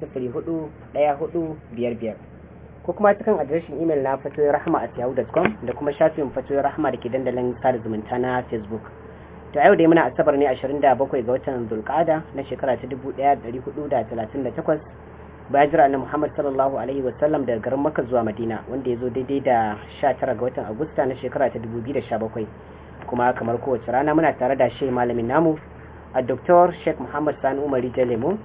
sifiri hudu daya hudu biyar biyar ko kuma ta kan adireshin imel na fatoyin rahama a yahoo.com da kuma shafin fatoyin rahama da ke dandalin sada zumunta na facebook ta yau dai muna asabar ne 27 ga watan zulkada na shekara ta 1438 bayan jira na muhammad sallallahu alaihi wasallam daga garin maka zuwa madina wanda ya zo daidai da 19 ga watan agusta na shekara ta 2017 kuma kamar kowace rana muna tare da shi malamin namu a Dr. Sheikh Muhammad Sani Umar Jalemu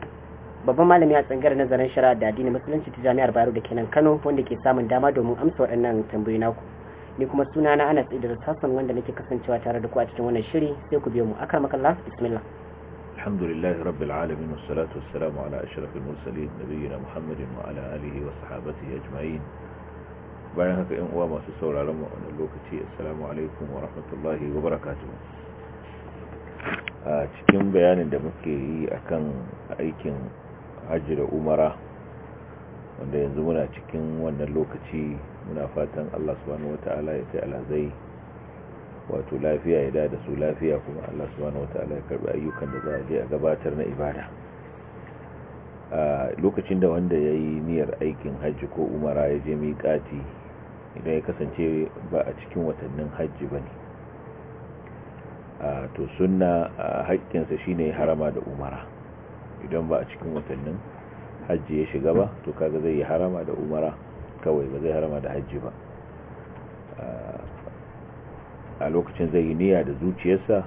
babban malami a tsangar nazarin shara da addinin musulunci ta jami'ar bayero da kenan kano wanda ke samun dama domin amsa waɗannan tambayoyi naku ni kuma suna na anas da tasan wanda nake kasancewa tare da ku a cikin wannan shiri sai ku biyo mu akar makalla bismillah alhamdulillah rabbil alamin wassalatu wassalamu ala ashrafil mursalin nabiyina muhammadin wa ala alihi wa sahbihi ajma'in bayan haka yan uwa masu sauraron mu a wannan lokaci assalamu alaikum wa rahmatullahi wa barakatuh a cikin bayanin da muke yi akan aikin hajji da umara wanda yanzu muna cikin wannan lokaci muna fatan Allah subhanahu wata'ala ya sai alhazai wato lafiya ya da su lafiya kuma Allah subhanahu wata'ala ya karbi ayyukan da za a je a gabatar na ibada a lokacin da wanda ya yi niyyar aikin hajji ko umara ya je miƙati idan ya kasance ba a cikin watannin hajji ba ne to sunna haƙƙinsa shine harama da umara idan ba a cikin watannin hajji ya shiga ba to kaga zai yi harama da umara kawai ba zai harama da hajji ba a lokacin zai yi niyya da zuciyarsa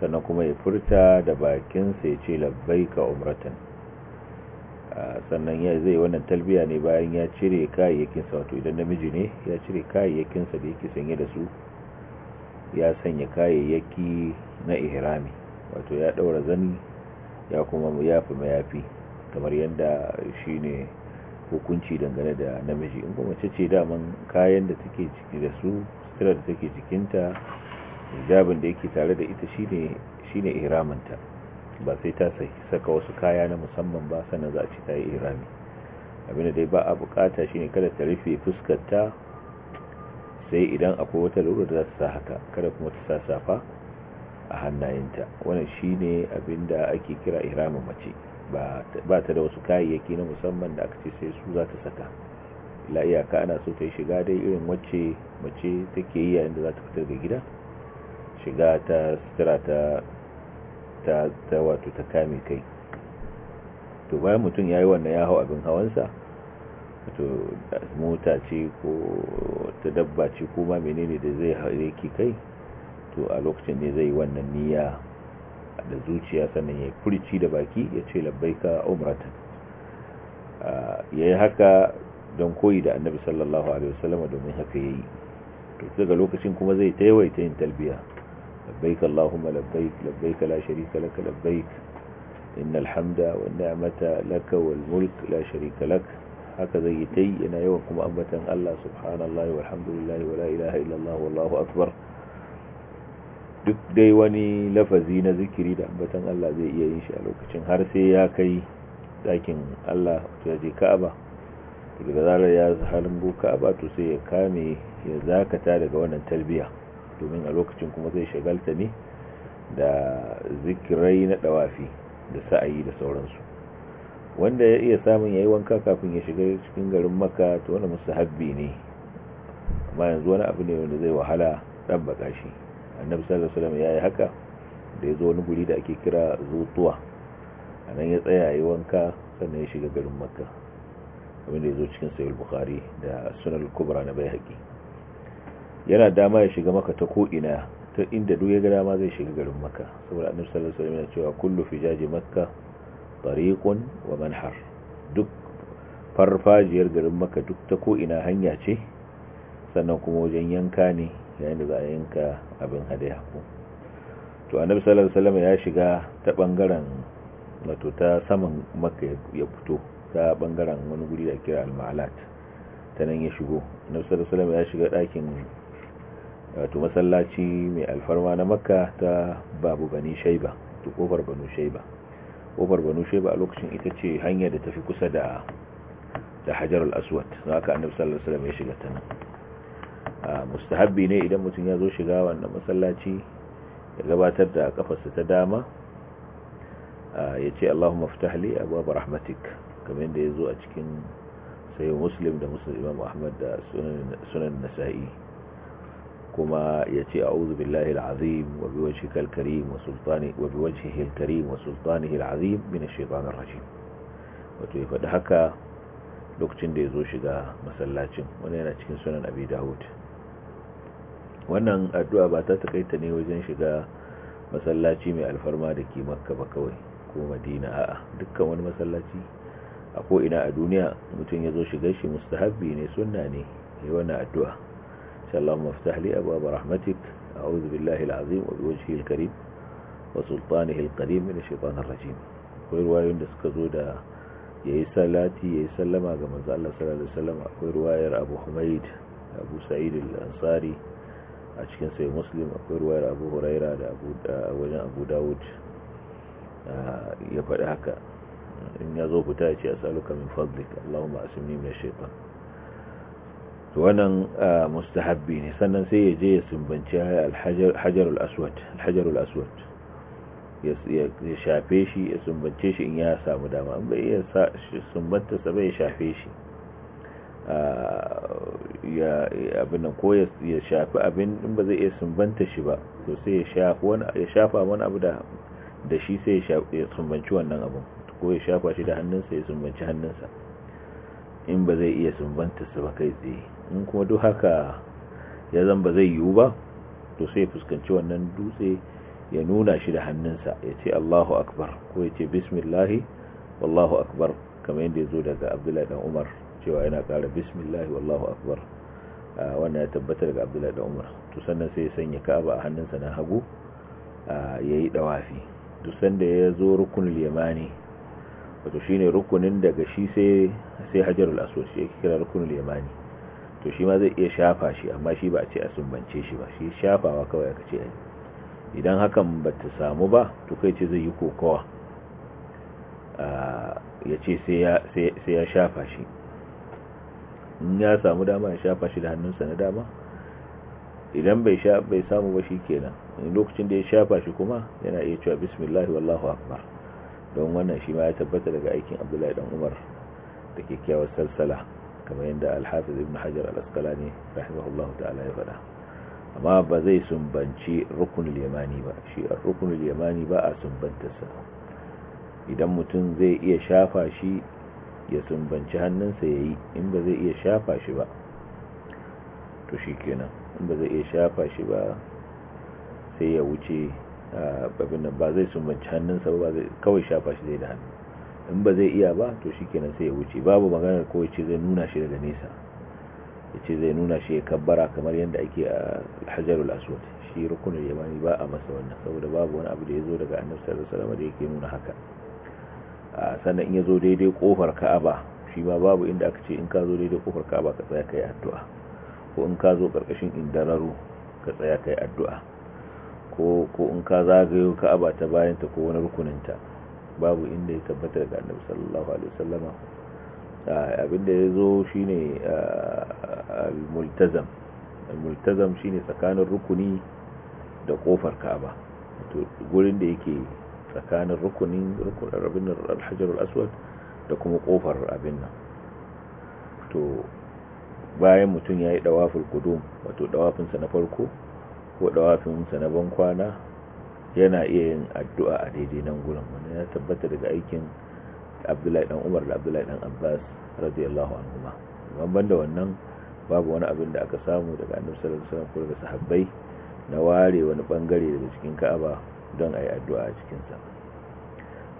sannan kuma ya furta da bakinsa ya ce ka umratan sannan ya zai wannan talbiya ne bayan ya cire kayayyakinsa wato idan namiji ne ya cire kayayyakinsa da yake sanye da su ya sanya kayayyaki na ihrami wato ya daura zani ya kuma ya fi mayafi kamar yadda shi ne hukunci dangane da namiji in kuma ce ce daman kayan da take ciki da su sutura da take cikinta hijabin da yake tare da ita shi ne iraminta ba sai ta saka wasu kaya na musamman ba sannan za a ci ta yi irami abinda dai ba a bukata shi ne kada ta rufe fuskarta sai idan akwai wata lura da za ta sa haka kada kuma ta sa safa a hannayenta wannan shine abinda ake kira ihramin mace ba ta da wasu kayayyaki na musamman da aka ce sai su za ta saka la iyaka ana so ta yi shiga dai irin wacce mace take yi yayin da za ta fitar da gida shiga ta sutura ta ta ta wato ta kame kai to bayan mutum ya yi wannan ya hau abin hawansa wato mota ce ko ta dabba ce ko ma menene da zai haure ki kai to a lokacin ne zai wannan niyya da zuciya sannan ya furici da baki ya ce labbaika umratan ya yi haka don koyi da annabi sallallahu alaihi wasallam domin haka yayi to daga lokacin kuma zai taiwaita yin talbiya labbaik allahumma labbaik labbaik la sharika lak labbaik innal hamda wan ni'mata lak wal mulk la sharika lak haka zai yi yana yawan kuma ambatan Allah subhanallahi walhamdulillahi wala ilaha illallah wallahu akbar duk dai wani lafazi na zikiri da ambatan Allah zai iya yin shi a lokacin har sai ya kai ɗakin Allah to ya je Ka'aba daga zarar ya halingo Ka'aba to sai ya kame ya zakata daga wannan talbiya domin a lokacin kuma zai shagalta ne da zikirai na dawafi da sa'ayi da sauransu wanda ya iya samun yayi wanka kafin ya shiga cikin garin Makka to wannan musahabbi ne amma yanzu wani abu ne wanda zai wahala dan baka shi annabi sallallahu alaihi wasallam yayi haka da yazo zo wani guri da ake kira zutuwa a ya tsaya yi wanka sannan ya shiga garin makka kamar da ya zo cikin sayul bukhari da sunan kubra na bai yana dama ya shiga maka ta ko'ina ta inda duk ya ga dama zai shiga garin makka saboda annabi sallallahu alaihi wasallam yana cewa kullu fijaji makka tariqun wa manhar duk farfajiyar garin makka duk ta ko'ina hanya ce sannan kuma wajen yanka ne yayin da za a yanka abin hadaya ko to annabi sallallahu alaihi wasallam ya shiga ta bangaren wato ta saman makka ya fito ta bangaren wani guri da kira al-ma'alat ta nan ya shigo annabi sallallahu alaihi wasallam ya shiga dakin wato masallaci mai alfarma na makka ta babu bani shaiba to kofar banu shaiba kofar banu shaiba a lokacin ita ce hanyar da tafi kusa da da hajarul aswad za ka annabi sallallahu alaihi wasallam ya shiga ta nan mustahabbi ne idan mutum ya zo shiga wannan masallaci ya gabatar da kafarsa ta dama ya ce Allahumma iftah li abwaab rahmatik kamar da yazo a cikin sai muslim da muslim imam ahmad da sunan nasa'i kuma ya ce a'udhu billahi al-azim wa biwajhihi al-karim wa sultani wa biwajhihi al-karim wa sultanihi al-azim min ash-shaytanir rajim wato ya faɗi haka lokacin da ya zo shiga masallacin wani yana cikin sunan abi dawud wannan addu'a ba ta taƙaita ne wajen shiga masallaci mai alfarma da ke makka ba kawai ko madina a'a dukkan wani masallaci a ko'ina a duniya mutum ya zo shiga shi mustahabbi ne sunna ne ya wannan addu'a sallallahu maftah li abu abu rahmatik wuzi billahi al'azim wa biwajhihi shi karim wa sultani al da shekwanar rajim akwai ruwayoyin da suka zo da yayi salati yayi sallama ga manzo Allah sallallahu alaihi akwai ruwayar Abu Humayd Abu Sa'id al-Ansari a cikin sai muslim akwai ruwayar abu huraira da abu wajen abu dawud ya faɗi haka in ya zo fita ya ce asaluka min fadlik allahumma asimni min shaitan to wannan mustahabbi ne sannan sai ya je ya sumbanci alhajar al-aswad alhajar al-aswad ya shafe shi ya sumbance shi in ya samu dama in bai ya sumbanta sa bai shafe shi ya abin nan ko ya shafi abin in ba zai iya sumbanta shi ba to sai ya shafa wani ya shafa wani abu da da shi sai ya sunbanci wannan abin ko ya shafa shi da hannunsa ya sunbanci hannunsa in ba zai iya sumbanta su ba kai tsaye in kuma duk haka ya zan ba zai yiwu ba to sai ya fuskanci wannan dutse ya nuna shi da hannunsa ya ce Allahu akbar ko ya ce bismillahi wallahu akbar kamar yadda ya zo daga Abdullahi dan Umar cewa yana kara bismillah wallahu akbar wannan ya tabbata daga abdullahi da umar to sannan sai ya sanya kaba a hannunsa na hagu ya yi dawafi to sanda ya zo rukun limani wato shine rukunin daga shi sai sai hajarul aswad shi yake kira rukun limani to shi ma zai iya shafa shi amma shi ba a ce a sumbance shi ba shi shafawa kawai aka ce idan hakan ba ta samu ba to kai ce zai yi kokowa ya ce sai ya shafa shi in ya samu dama ya shafa shi da hannunsa na dama idan bai sha bai samu ba shi shikenan lokacin da ya shafa shi kuma yana iya cewa bismillah wallahu akbar don wannan shi ma ya tabbata daga aikin Abdullahi dan Umar da kyakkyawar salsala kamar yadda alhafiz Ibn Hajar Al-Asqalani rahimahullahu ta'ala ya faɗa amma ba zai sumbanci rukunin yamani ba shi rukun yamani ba a sumbantarsa idan mutum zai iya shafa shi ya sumbanci hannunsa ya yi in ba zai iya shafa shi ba to shi kenan in ba zai iya shafa shi ba sai ya wuce babin nan ba zai sumbanci hannunsa ba kawai shafa shi zai da hannu in ba zai iya ba to shi kenan sai ya wuce babu maganar ko ce zai nuna shi daga nesa ya ce zai nuna shi ya kabbara kamar yadda ake a alhajarul aswad shi rukunin yamani ba a masa wannan saboda babu wani abu da ya zo daga annabi da salama da yake nuna haka sannan in yazo daidai kofar ka'aba shi ma babu inda aka ce in ka zo daidai kofar ka'aba ka tsaya kai addu'a ko in ka zo karkashin indararu ka tsaya kai addu'a ko in ka zagayo ka'aba ta bayan ta ko wani rukunin ta babu inda ya tabbata daga annabi sallallahu alaihi abinda ya zo shine al-multazam al-multazam shine tsakanin rukuni da kofar ka'aba to gurin da yake tsakanin rukunin rabin alhajar aswad da kuma kofar abin nan to bayan mutum ya yi dawafin kudum wato dawafinsa na farko ko dawafinsa na bankwana yana iya yin addu'a a daidai nan gudun wanda ya tabbata daga aikin abdullahi dan umar da abdullahi dan abbas radiyallahu anhuma ban da wannan babu wani abin da aka samu daga annabi sallallahu alaihi wasallam ko sahabbai na ware wani bangare daga cikin ka'aba don a yi addu'a a cikinsa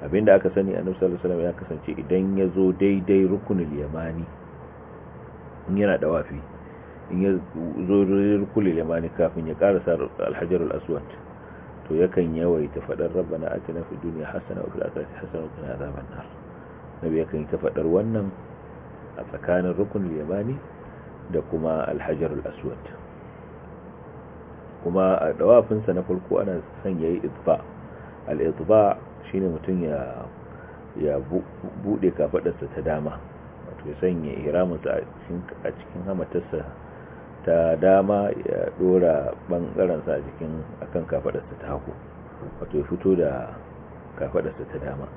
abinda aka sani a nufisar alisalam ya kasance idan ya zo daidai rukunin yamani in yana wafi in ya zo daidai rukunin yamani kafin ya karasa alhajarul aswad to yakan yawaita faɗar na ake nafi duniya Hassana wa fil akhirati hasana wa qina azaban nar nabi yakan ta faɗar wannan a tsakanin rukunin yamani da kuma alhajarul aswad kuma a dawafinsa na farko ana son ya yi itba al'itba shi ne mutum ya buɗe kafaɗarsa ta dama wato ya sanya iramunsa a cikin hamatarsa ta dama ya ɗora ɓangarensa a cikin akan kafaɗarsa ta hagu wato ya fito da kafaɗarsa ta dama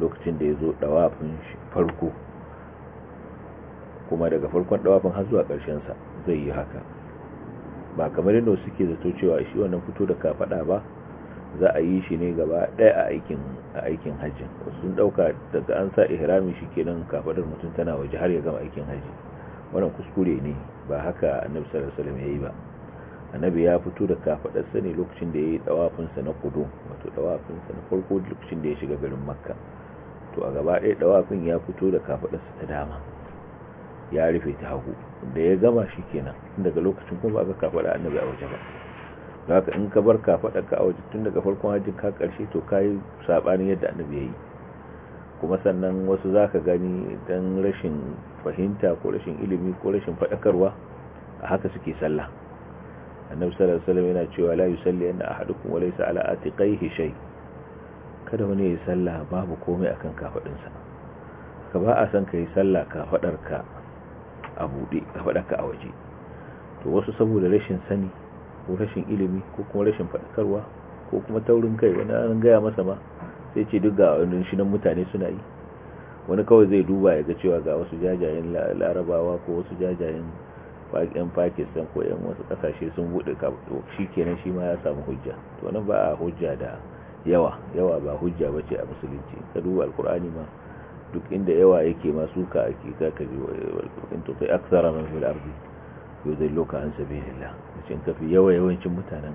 lokacin da ya zo ɗawafin farko kuma daga farkon ɗawafin har zuwa ƙarshensa zai yi haka ba kamar yadda suke zato cewa shi wannan fito da kafada ba za a yi shi ne gaba ɗaya a aikin a aikin hajji sun ɗauka daga an sa ihrami shi kenan kafadar mutum tana waje har ya gama aikin hajji wannan kuskure ne ba haka annabi sallallahu alaihi wasallam yayi ba annabi ya fito da sa ne lokacin da ya yi sa na kudu wato sa na farko lokacin da ya shiga garin makka to a gaba ɗaya dawafin ya fito da sa ta dama ya rufe ta hagu da ya gama shi kenan daga lokacin kuma ba ka kafaɗa annabi a waje ba da haka in ka bar kafaɗa ka a waje tun daga farkon hajji ka ƙarshe to ka yi saɓanin yadda annabi ya yi kuma sannan wasu za ka gani don rashin fahimta ko rashin ilimi ko rashin faɗakarwa a haka suke sallah annabi sallallahu alaihi wasallam yana cewa la yusalli anna ahadukum wa laysa ala atiqaihi shay kada wani ya yi sallah babu komai akan kafadinsa ka ba a san kai sallah kafadarka a buɗe ka a waje to wasu saboda rashin sani ko rashin ilimi ko kuma rashin faɗakarwa ko kuma taurin kai wani an gaya masa ma sai ce duk ga wani shinan mutane suna yi wani kawai zai duba ya ga cewa ga wasu jajayen larabawa ko wasu jajayen yan pakistan ko yan wasu kasashe sun buɗe shi kenan shi ma ya samu hujja to nan ba a hujja da yawa yawa ba hujja bace a musulunci ka duba alkur'ani ma duk inda yawa yake masu ka ake za ka ji in tufi aksara man fil yau zai loka an sabi lillah wacce in yawa yawancin mutanen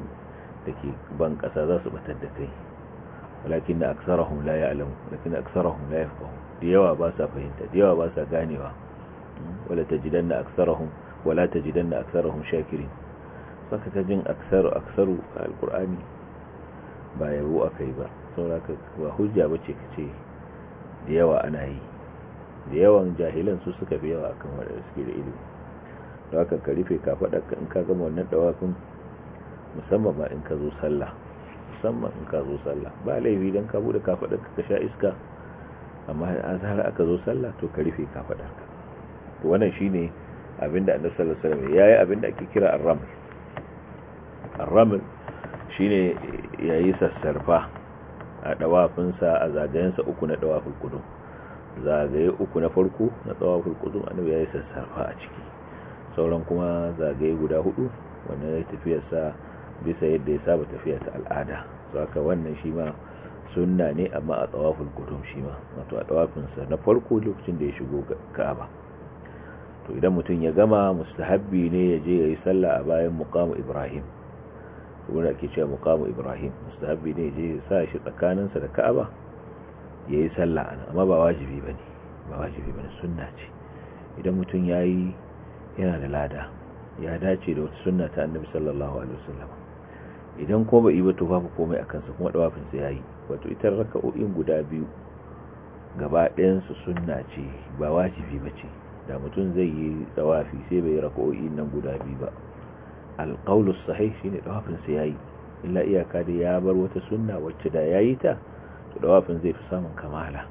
da ke ban kasa za su batar da kai walakin na aksarahum la ya'lamu walakin na aksarahum la yafqahu da yawa ba sa fahimta da yawa ba sa ganewa wala tajidanna aksarahum wala tajidanna aksarahum shakirin saka ka jin aksaru aksaru alkur'ani ba yabo akai ba saboda ka ba hujja bace kace da yawa ana yi da yawan jahilan su suka fi yawa akan waɗanda suke da ilimi da aka ka rufe ka faɗa in ka gama wannan dawafin musamman ma in ka zo sallah musamman in ka zo sallah ba laifi don ka bude ka faɗa ka sha iska amma an zahar aka zo sallah to ka rufe ka faɗa ka to wannan shine abinda annabi sallallahu alaihi wasallam yayi abinda ake kira ar-raml ar-raml shine yayi sassarfa a ɗawafinsa a zagayensa uku na ɗawafin kudu zagaye uku na farko na ɗawafin kudu annabi ya yi sassafa a ciki sauran kuma zagaye guda hudu wanda ya tafiyarsa bisa yadda ya saba tafiya ta al'ada su haka wannan shi ma sunna ne amma a ɗawafin kudu shi ma wato a ɗawafinsa na farko lokacin da ya shigo ka'aba to idan mutum ya gama mustahabbi ne ya je ya yi sallah a bayan muqam ibrahim wanda ake cewa muqamu ibrahim mustahabi ne je sa shi tsakaninsa da ka'aba yayi sallah ana amma ba wajibi bane ba wajibi bane sunna ce idan mutum yayi yana da lada ya dace da wata sunna ta annabi sallallahu alaihi wasallam idan ko ba yi ba to babu komai akan sa kuma dawafin sa yayi wato ita raka'o'in guda biyu gaba ɗayan su sunna ce ba wajibi ba ce da mutum zai yi dawafi sai bai raka'o'in nan guda biyu ba alƙaulus sahih shine dawafin ya yayi illa iyaka da ya bar wata sunna wacce da yayi ta to ɗawafin zai fi samun kamala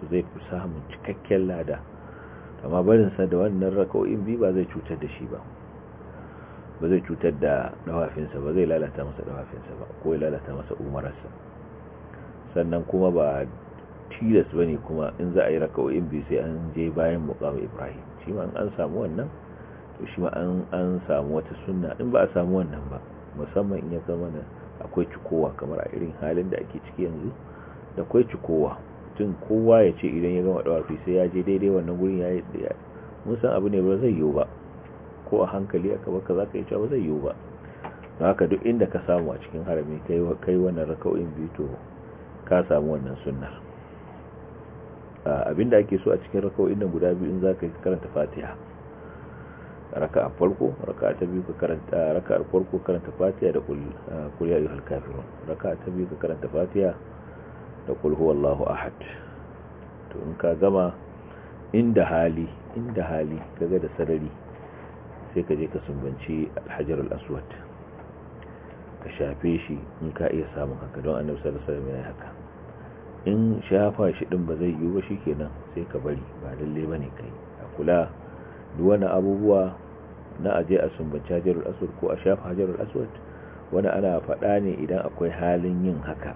to zai fi samun cikakken lada amma barinsa da wannan raka'o'in bi ba zai cutar da shi ba ba zai cutar da ɗawafinsa ba zai lalata masa ɗawafinsa ba ko ya lalata masa umararsa sannan kuma ba tilas bane kuma in za a yi raka'o'in bi sai an je bayan muƙamu Ibrahim shi ma an samu wannan to shi ma an samu wata sunna in ba a samu wannan ba musamman in ya zama na akwai cikowa kamar a irin halin da ake ciki yanzu da akwai cikowa mutum kowa ya ce idan ya gama dawafi sai ya je daidai wannan wurin ya yi mun san abu ne ba zai yiwu ba ko a hankali aka baka za ka yi cewa ba zai yiwu ba don haka duk inda ka samu a cikin harami kai wannan raka'o'in biyu to ka samu wannan sunnar ah, abinda ake so a cikin raka'o'in nan guda biyu in za ka karanta fatiha a farko raka ta biyu ka karanta a farko karanta fatiha da kul eh, ya kafirun raka ta biyu ka karanta fatiya da kul allahu ahad to in ka gama inda hali inda hali kaga da sarari sai ka je ka sumbanci alhajar al'aswad ka shafe shi in ka iya samun haka don annabi sallallahu alaihi wasallam haka in shafa shi din ba zai yiwu ba shikenan sai ka bari ba lalle bane kai a kula duk abubuwa na aje a sumbaci hajarul asuwar ko a shafa hajarul aswad wani ana faɗa ne idan akwai halin yin haka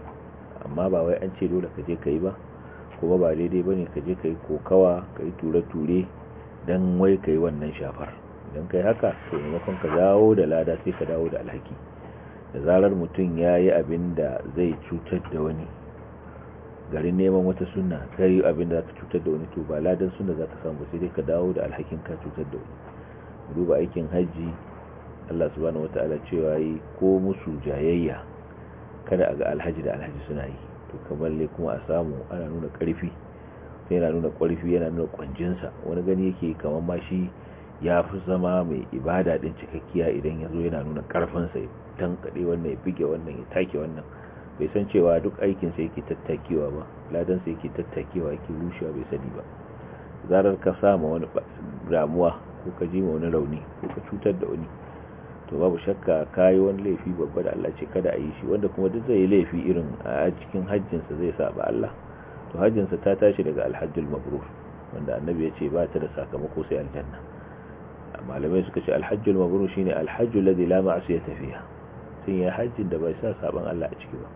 amma ba wai an ce dole ka je ka yi ba kuma ba daidai ba ne ka je ka yi kokawa ka yi ture-ture don wai ka yi wannan shafar idan ka yi haka to maimakon ka dawo da lada sai ka dawo da alhaki da zarar mutum ya yi abin da zai cutar da wani garin neman wata suna ka yi abin da za ka cutar da wani to ba ladan suna za ka samu sai dai ka dawo da alhakin ka cutar da wani duba aikin hajji Allah subhanahu wataala cewa yi ko musu jayayya kada a ga alhaji da alhaji suna yi to kamar le kuma a samu ana nuna karfi yana nuna ƙwarfi yana nuna ƙwanjinsa wani gani yake kamar ma shi ya fi zama mai ibada din cikakkiya idan ya zo yana nuna ƙarfinsa ya tankaɗe wannan ya bige wannan ya take wannan bai san cewa duk aikinsa yake tattakewa ba ladansa yake tattakewa yake rushewa bai sani ba zarar ka sama wani ramuwa. ko ka ji ma wani rauni ko ka cutar da wani to babu shakka yi wani laifi babba da Allah ce kada a yi shi wanda kuma duk zai yi laifi irin a cikin hajjinsa zai saba Allah to hajjinsa ta tashi daga alhajjul mabrur wanda annabi ya ce ba ta da sakamako sai aljanna malamai suka ce alhajjul mabrur shine alhajjul ladhi la ma'siyata fiha sun ya hajjin da bai sa saban Allah a ciki ba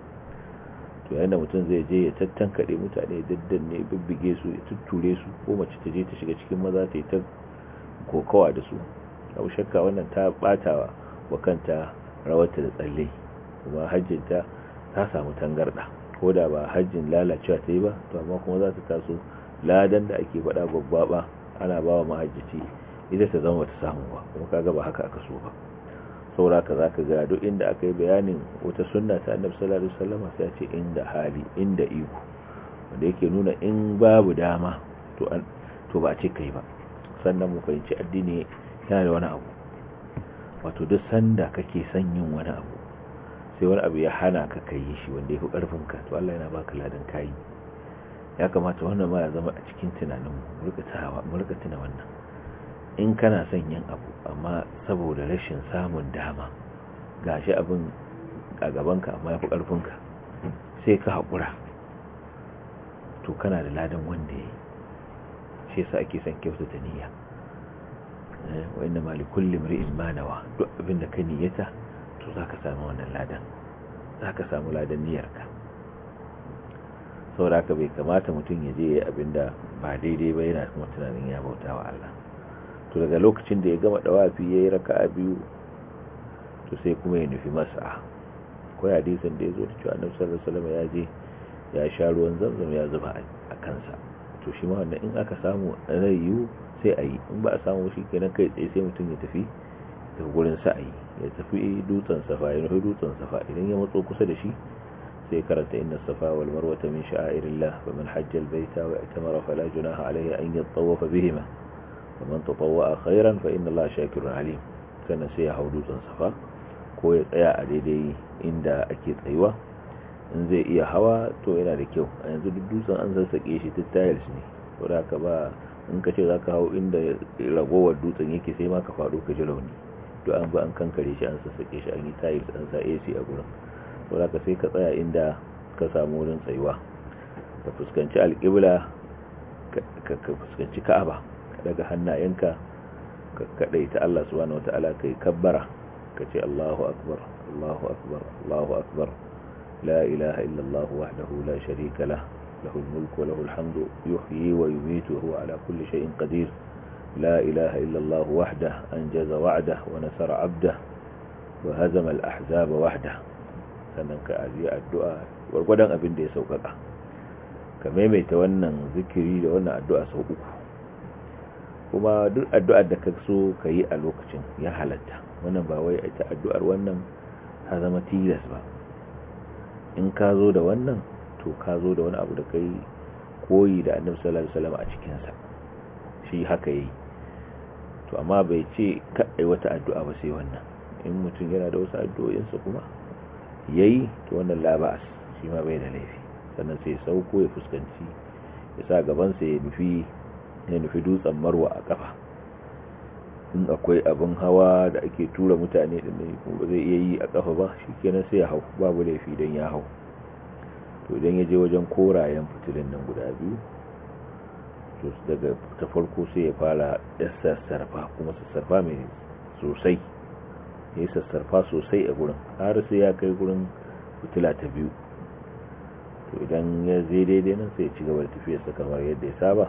to yayin da mutum zai je ya tattankade mutane daddanne bibige su ya tutture su ko mace ta je ta shiga cikin maza ta yi ta kokawa da su abu shakka wannan ta batawa wa kanta rawarta da tsalle kuma hajjinta ta samu tangarda ko da ba hajjin lalacewa ta yi ba to amma kuma za ta taso ladan da ake faɗa ba ana ba wa mahajjici ita ta zama ta samu ba kuma kaga ba haka aka so ba saura ka za ka gado inda aka yi bayanin wata sunna ta annabi sallallahu alaihi wasallam sai ce inda hali inda iko wanda yake nuna in babu dama to ba a ce kai ba sannan mu fahimci addini yana da wani abu wato duk sanda kake son yin wani abu sai wani abu ya hana ka kai shi wanda ya fi karfin ka to Allah yana baka ladan kai ya kamata wannan ma ya zama a cikin tunanin mu rika tuna wannan in kana son yin abu amma saboda rashin samun dama gashi abin a gaban ka amma ya fi karfin ka sai ka haƙura to kana da ladan wanda ya yi shi yasa ake son kyautata niyya eh, wa inna ma kulli mri'in ma nawa duk abin da ka niyyata to zaka samu wannan ladan zaka samu ladan niyyarka saboda haka bai kamata mutum ya je abin da ba daidai ba yana kuma tunanin ya bauta wa Allah to daga lokacin da ya gama dawafi yayi raka'a biyu to sai kuma ya nufi masa ko hadisin da ya zo da cewa annabi sallallahu alaihi wasallam ya je ya sha ruwan zamzam ya zuba a kansa to shi ma wannan in aka samu zai yiwu sai a yi in ba a samu shi kenan kai tsaye sai mutum ya tafi daga gurin yi ya tafi dutsen safa ya nufi dutsen safa idan ya matso kusa da shi sai karanta inna safa wal marwata min sha'irillah wa man hajja al baita wa i'tamara fala junaha alayhi an yatawafa bihima wa man tatawwa khairan fa inna allaha shakirun alim sannan sai ya hau dutsen safa ko ya tsaya a daidai inda ake tsayuwa in zai iya hawa to yana da kyau a yanzu duk dutsen an sassaƙe shi ta tiles ne ko da ka ba in ka ce za ka hau inda ragowar dutsen yake sai ma ka faɗo ka ji rauni to an ba an kankare shi an sassaƙe shi an yi tiles an sa ac a gurin ko da ka sai ka tsaya inda ka samu wurin tsayuwa ka fuskanci alƙibla ka fuskanci ka'aba ka daga hannayenka ka kaɗai ta Allah subhanahu wataala kai kabbara ka ce Allahu akbar Allahu akbar Allahu akbar لا إله إلا الله وحده لا شريك له له الملك وله الحمد يحيي ويميت وهو على كل شيء قدير لا إله إلا الله وحده أنجز وعده ونسر عبده وهزم الأحزاب وحده ka ajiye addu'a gwargwadon abin da ya sauƙaƙa ka maimaita wannan zikiri da wannan addu'a sau uku kuma duk addu'ar da ka so ka yi a lokacin ya halatta wannan ba wai ita addu'ar wannan ta zama tilas ba in ka zo da wannan to ka zo da wani abu da kai koyi da annabi sallallahu alaihi wasallam a cikinsa shi haka yayi to amma bai ce kai wata addu'a ba sai wannan in mutum yana da wasu addu'o'in sa kuma yayi to wannan labas shi ma bai da laifi sannan sai sauko ya fuskanci ya sa gaban sa ya nufi ya nufi dutsen marwa a kafa in akwai abin hawa da ake tura mutane da ne kuma zai iya yi a kafa ba shi kenan sai ya hau babu laifi don ya hau to idan ya je wajen korayen fitilin nan guda biyu to daga ta farko sai ya fara sassarfa kuma sassarfa mai sosai ya sassarfa sosai a gurin har sai ya kai gurin fitila ta biyu to idan ya zai daidai nan sai ya ci gaba da tafiyarsa kamar yadda ya saba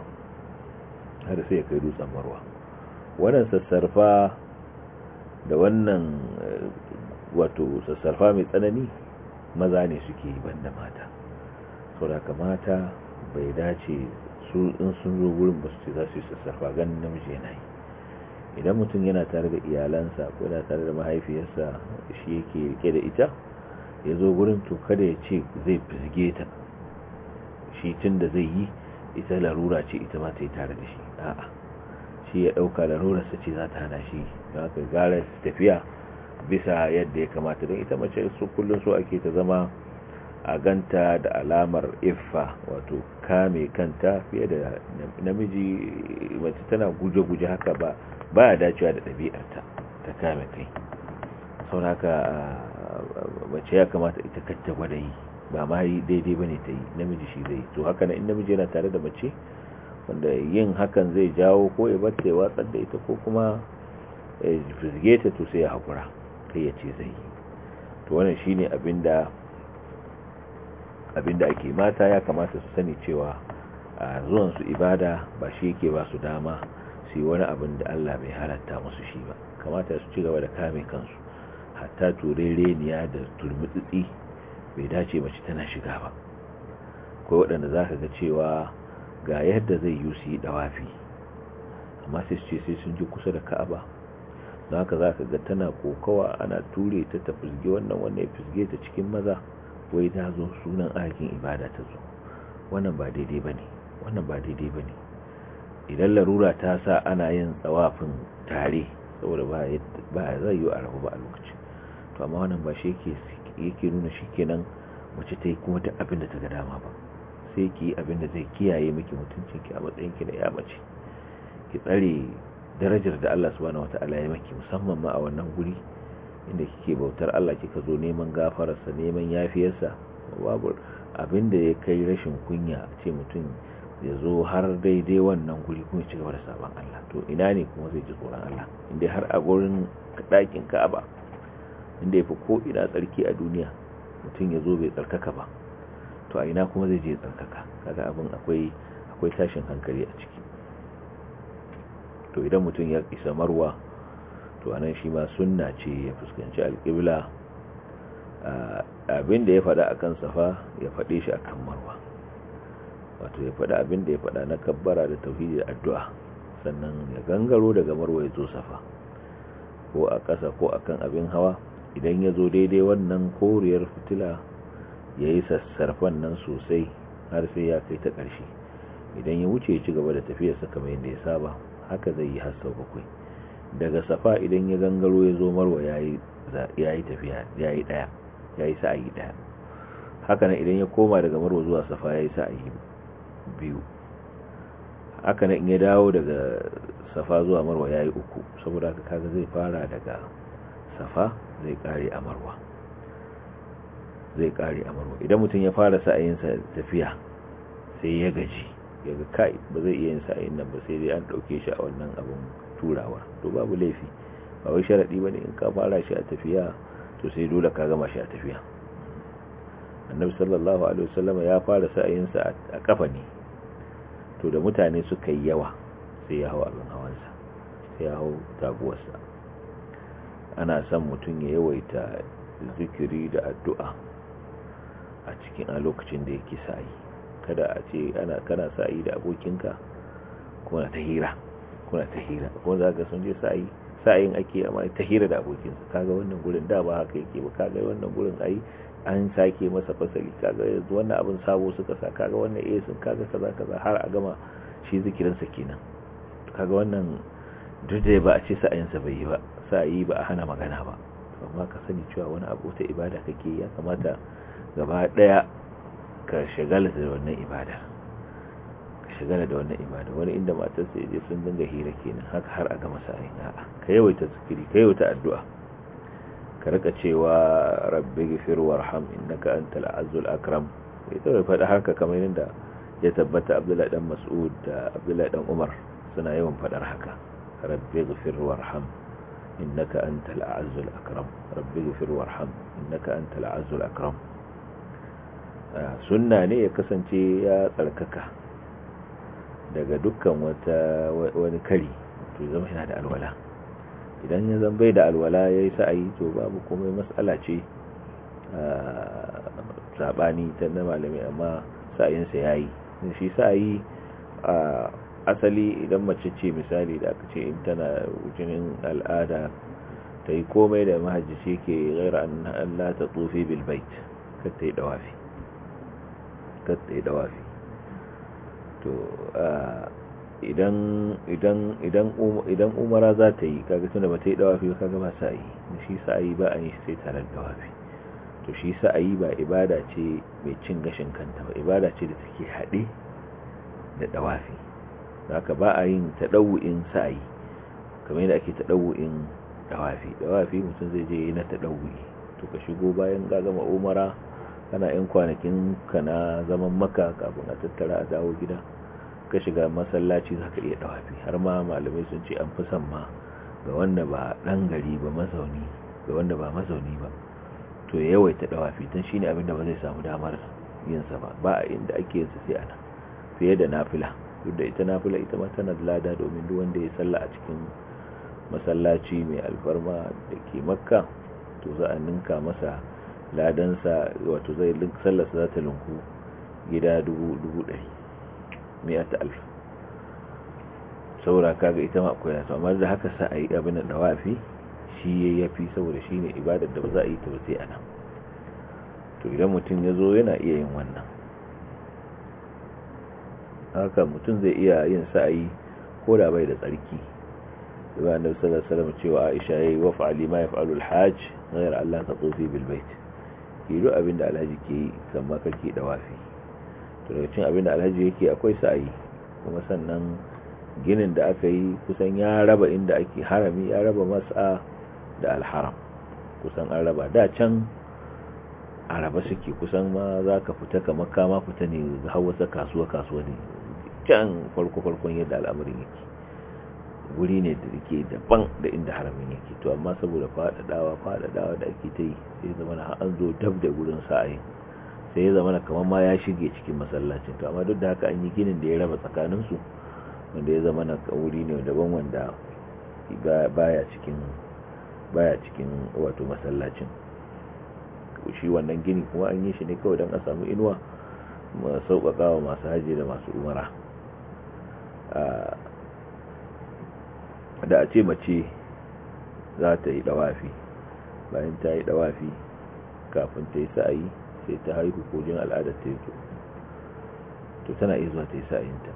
har sai ya kai dutsen marwa wannan sassarfa da wannan eh, wato sassarfa mai tsanani maza ne suke yi banda mata da kamata bai dace su in sun zo wurin ba su ce za su yi sassarfa ganin namiji yana yi idan mutum yana tare da iyalansa ko yana tare da mahaifiyarsa shi yake rike da ita ya zo gurin to kada ya ce zai fizge ta shi tun da zai yi ita larura ce ita ma ta yi tare da shi a'a shi ya ɗauka larurarsa ce za ta hana shi da haka gara tafiya bisa yadda ya kamata don ita mace su kullum su ake ta zama a ganta da alamar iffa wato kame kanta fiye da namiji mace tana guje-guje haka ba ba ya dacewa da ɗabi'arta ta kame kai sau haka ah, mace ya kamata ita kacce gwada yi ba ma yi daidai ba ne ta yi namiji shi zai to haka na in namiji yana tare da mace wanda yin hakan zai jawo ko ya bace ya watsar da ita ko kuma ya fizge ta to sai ya haƙura kai ya ce zai to wannan shine abinda abinda ake mata ya kamata su sani cewa a zuwan su ibada ba shi yake ba su dama su yi wani abin da Allah bai halatta musu shi ba kamata su ci gaba da kame kansu hatta turereniya da turmutsitsi bai dace mace tana shiga ba ko waɗanda za ka ga cewa ga yadda zai yi su yi dawafi amma sai su ce sai sun ji kusa da ka'aba don haka za ka ga tana kokawa ana ture ta ta fisge wannan wannan ya fisge ta cikin maza wai ta zo sunan aikin ibada ta zo wannan ba daidai ba ne wannan ba daidai ba ne idan larura ta sa ana yin tsawafin tare saboda ba zai yi a rabu ba a lokacin to amma wannan ba shi yake nuna shi kenan mace ta yi kuma ta abin da ta ga dama ba sai ki yi abin da zai kiyaye miki mutuncin a matsayin ki na ya mace ki tsare darajar da Allah subhanahu wata'ala ya maki musamman ma a wannan guri inda kike bautar Allah kika zo neman gafararsa neman yafiyarsa babu abin da ya kai rashin kunya ce mutum ya zo har daidai wannan guri kuma ci gaba da sabon Allah to ina ne kuma zai ji tsoron Allah inda har a gurin ɗakin Ka'aba inda ya fi ko ina tsarki a duniya mutum ya zo bai tsarkaka ba to a ina kuma zai je tsarkaka kaga abin akwai akwai tashin hankali a ciki to idan mutum ya isa marwa to anan shi ma sunna ce ya fuskanci alƙibla abin da ya faɗa akan safa ya faɗe shi akan marwa wato ya faɗa abin da ya faɗa na kabbara da tauhidi da addu'a sannan ya gangaro daga marwa ya zo safa ko a ƙasa ko akan abin hawa idan ya zo daidai wannan koriyar fitila ya yi sassarfan nan sosai har sai ya kai ta ƙarshe idan ya wuce ya ci gaba da tafiyarsa kamar yadda ya saba haka zai yi har sau bakwai daga safa idan ya gangaro ya zo marwa ya yi tafiya ya yi ɗaya ya yi sa'ayi ɗaya haka nan idan ya koma daga marwa zuwa safa ya yi sa'ayi biyu haka nan in ya dawo daga safa zuwa marwa ya yi uku saboda haka kaga zai fara daga safa zai kare a marwa zai kare a marwa idan mutum ya fara sa'ayinsa tafiya sai ya gaji ya ga kai ba zai iya yin sa'ayin nan ba sai dai an ɗauke shi a wannan abin turawa to babu laifi ba wai sharaɗi ba ne in ka fara shi a tafiya to sai dole ka gama shi a tafiya annabi sallallahu alaihi wasallam ya fara sa'ayinsa a kafa ne to da mutane suka yi yawa sai ya hau abin hawansa sai ya hau taguwarsa ana son mutum ya yawaita zikiri da addu'a cikin a lokacin da yake sa'i kada a ce ana kana sa'i da abokinka kuna ta hira kuna ta hira kuma za ka sun je sa'i sa'in ake amma ta hira da abokinsa kaga wannan gurin da ba haka yake ba kaga wannan gurin ai an sake masa fasali kaga yanzu wannan abin sabo suka sa kaga wannan eh sun kaga kaza kaza har a gama shi zikirin sa kenan kaga wannan duk da ba a ce sa'in sa bai yi ba sa'i ba a hana magana ba amma ka sani cewa wani abu ta ibada kake ya kamata gaba ɗaya ka shagala da wannan ibada ka shagala da wannan ibada wani inda matarsa ya je sun dinga hira kenan haka har a gama sa'in a'a ka yawaita zikiri ka yawaita addu'a ka rika cewa rabbi ghfir warham innaka antal azul akram sai ta faɗa haka kamar yadda ya tabbata abdullahi dan mas'ud da abdullahi dan umar suna yawan faɗar haka rabbi ghfir warham innaka antal azul akram rabbi ghfir warham innaka antal akram sunna ne ya kasance ya tsarkaka daga dukkan wata wani kari to zama yana da alwala idan ya bai da alwala ya yi sa'ayi to babu komai matsala ce zaɓani ta na malami amma sa'ayinsa ya yi shi sa'ayi a asali idan mace ce misali da aka ce in tana jinin al'ada ta yi komai da mahajji mahajjici ke gaira an la ta tsofi bilbait kar ta yi dawafi kar da wafi to um, idan umara za ta yi kaga tunda ba ta yi ba, kaga ba sa yi shi sa'ayi ba a yi sai tare da wafi to shi sa'ayi ba ibada ce mai cin gashin kanta ba ibada ce da take haɗe da dawafi haka ba a yin sa sa'ayi kamar yadda ake taɗawu'in dawafi dawafi mutum zai je yi na ta taɗawu'i to ka shigo bayan ga gama umara kana yan kwanakin ka na zaman maka kafin a tattara a dawo gida ka shiga masallaci za ka iya dawafi har ma malamai sun ce an fi san ma ga wanda ba ɗan gari ba mazauni ga wanda ba mazauni ba to ya yawaita dawafi tun shi ne abin da ba zai samu damar sa ba ba a inda ake yinsa sai ana fiye da nafila duk da ita nafila ita ma tana da lada domin duk wanda ya salla a cikin masallaci mai alfarma da ke makka to za a ninka masa ladansa wato zai sallarsa za ta linku gida dubu ɗari miyata saura kaga ita ma koya su amma da haka sai a yi abin da wafi shi ya yafi saboda shine ibadar da ba za a yi ta ba sai a to idan mutum ya zo yana iya yin wannan haka mutum zai iya yin sa'ayi ko da bai da tsarki ibadar sallar annabi cewa Aisha yayi wa fa'ali ma fa'alul hajj ghayra Allah tatufi bil bilbaiti. ki duk abin da alhaji ke yi kamar kake da wafi to daga cin abin da alhaji yake akwai sa'ayi kuma sannan ginin da aka yi kusan ya raba inda ake harami ya raba mas'a da alharam kusan an raba da can araba suke kusan ma za ka fita kamar kama fita ne hau wata kasuwa kasuwa ne can farko-farkon yadda al'amarin yake wuri ne da rike daban da inda haramin yake to amma saboda faɗaɗawa faɗaɗawa da ake ta yi sai zama na an zo dab da gurin sa'ayin sai ya zama na kamar ma ya shige cikin masallacin to amma duk da haka an yi ginin da ya raba tsakaninsu wanda ya zama na wuri ne daban wanda baya cikin baya cikin wato masallacin shi wannan gini kuma an yi shi ne kawai don a samu inuwa sauƙaƙa sauƙaƙawa masu haji da masu umara ah, da a ce mace za ta yi dawafi bayan ta yi dawafi kafin ta yi sa'ayi sai ta haihu ko jin al'adar ta yi to tana iya zuwa ta yi sa'ayinta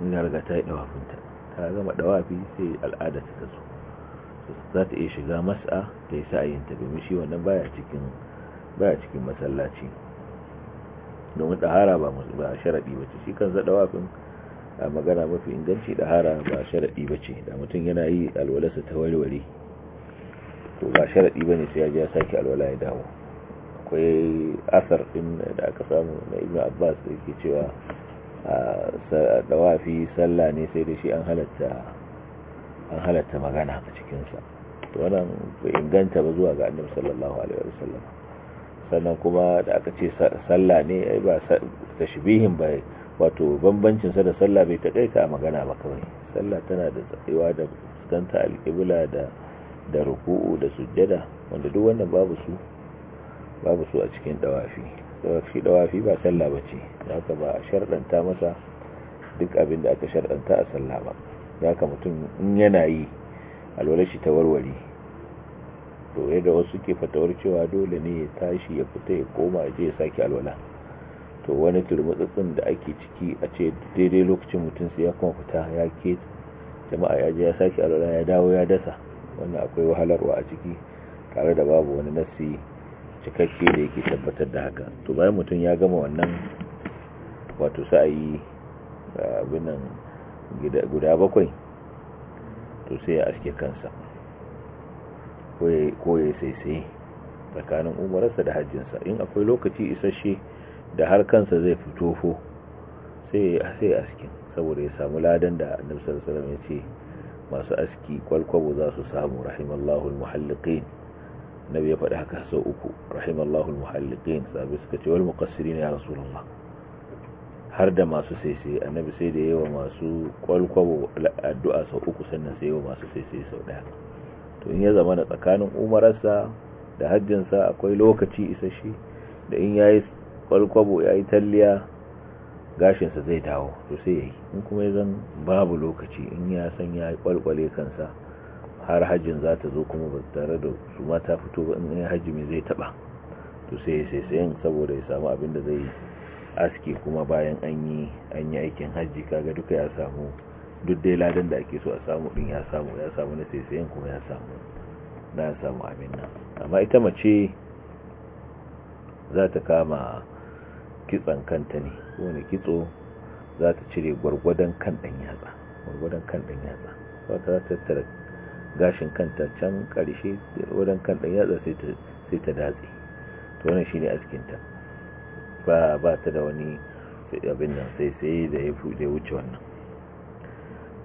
in ya riga ta yi dawafinta ta gama dawafi sai al'adar ta zo za ta iya shiga mas'a ta yi sa'ayinta domin shi wannan baya cikin baya cikin masallaci domin ɗahara ba sharaɗi ba ce shi kan za dawafin a magana mafi inganci hara ba sharaɗi ba ce da mutum yana yi alwalarsa ta warware to ba sharaɗi ba ne sai ya ji ya sake alwala ya dawo akwai asar ɗin da aka samu na ibn abbas da ke cewa a dawafi sallah ne sai da shi an halatta magana a cikinsa to wannan bai inganta ba zuwa ga annabi sallallahu alaihi wa sallam. sannan kuma da aka ce sallah ne ai ba tashbihin bai wato bambancinsa da sallah bai taƙaita a magana ba kawai sallah tana da tsayuwa da fuskanta alƙibla da da ruku'u da sujjada wanda duk wannan babu su babu su a cikin dawafi dawafi dawafi ba sallah bace haka ba a sharɗanta masa duk abin da aka sharɗanta a sallah ba haka mutum in yana yi alwala shi ta warware to yadda wasu ke fatawar cewa dole ne ya tashi ya fita ya koma ya je ya sake alwala to wani turmutsutsun da ake ciki a ce daidai lokacin mutum sai ya kuma fita ya ke jama'a ya je ya sake alwala ya dawo ya dasa wanda akwai wahalarwa a ciki tare da babu wani nassi cikakke da yake tabbatar da haka to bayan mutum ya gama wannan wato sa'ayi abin nan guda bakwai to sai ya aske kansa ko ya sai sai tsakanin umararsa da hajjinsa in akwai lokaci isasshe da har kansa zai fito fo sai sai askin saboda ya samu ladan da annabi sallallahu alaihi wasallam ya ce masu aski kwalkwabo za su samu rahimallahu almuhalliqin nabi ya faɗi haka sau uku rahimallahu almuhalliqin sabi suka ce wal muqassirin ya rasulullah har da masu sai annabi sai da yawa masu kwalkwabo addu'a sau uku sannan sai yawa masu sai sau daya to in ya zama da tsakanin umararsa da hajjinsa akwai lokaci isasshe da in yayi kwalkwabo ya yi talliya gashinsa zai dawo to sai ya yi in kuma ya zan babu lokaci in ya san ya kwalkwale kansa har hajjin za ta zo kuma ba tare da su ma ta fito ba in ya hajji mai zai taba to sai ya sai sayan saboda ya samu abin da zai aski kuma bayan an yi an yi aikin hajji kaga duka ya samu duk dai ladan da ake so a samu din ya samu ya samu na sai sayan kuma ya samu na samu abin nan amma ita mace za ta kama kitson kanta ne wani kitso za ta cire gwargwadon kan ɗan yatsa gwargwadon kan ɗan yatsa wata za ta tattara gashin kanta can ƙarshe gwargwadon kan ɗan yatsa sai ta datse to wannan shine askinta ba ba ta da wani abin nan sai sai da ya fuɗe wuce wannan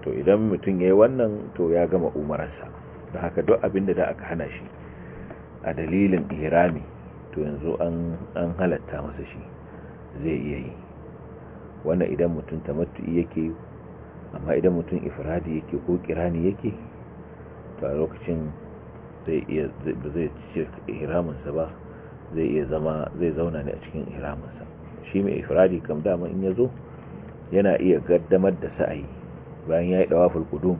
to idan mutum ya yi wannan to ya gama umararsa da haka duk abin da da aka hana shi a dalilin irami to yanzu an halatta masa shi zai iya yi wannan idan mutum tamattu'i yake amma idan mutum ifradi yake ko kirani yake to a lokacin zai iya zai ihraminsa ba zai iya zama zai zauna ne a cikin ihraminsa shi mai ifradi kam dama in ya zo yana iya gaddamar da sa'ayi bayan ya yi dawaful qudum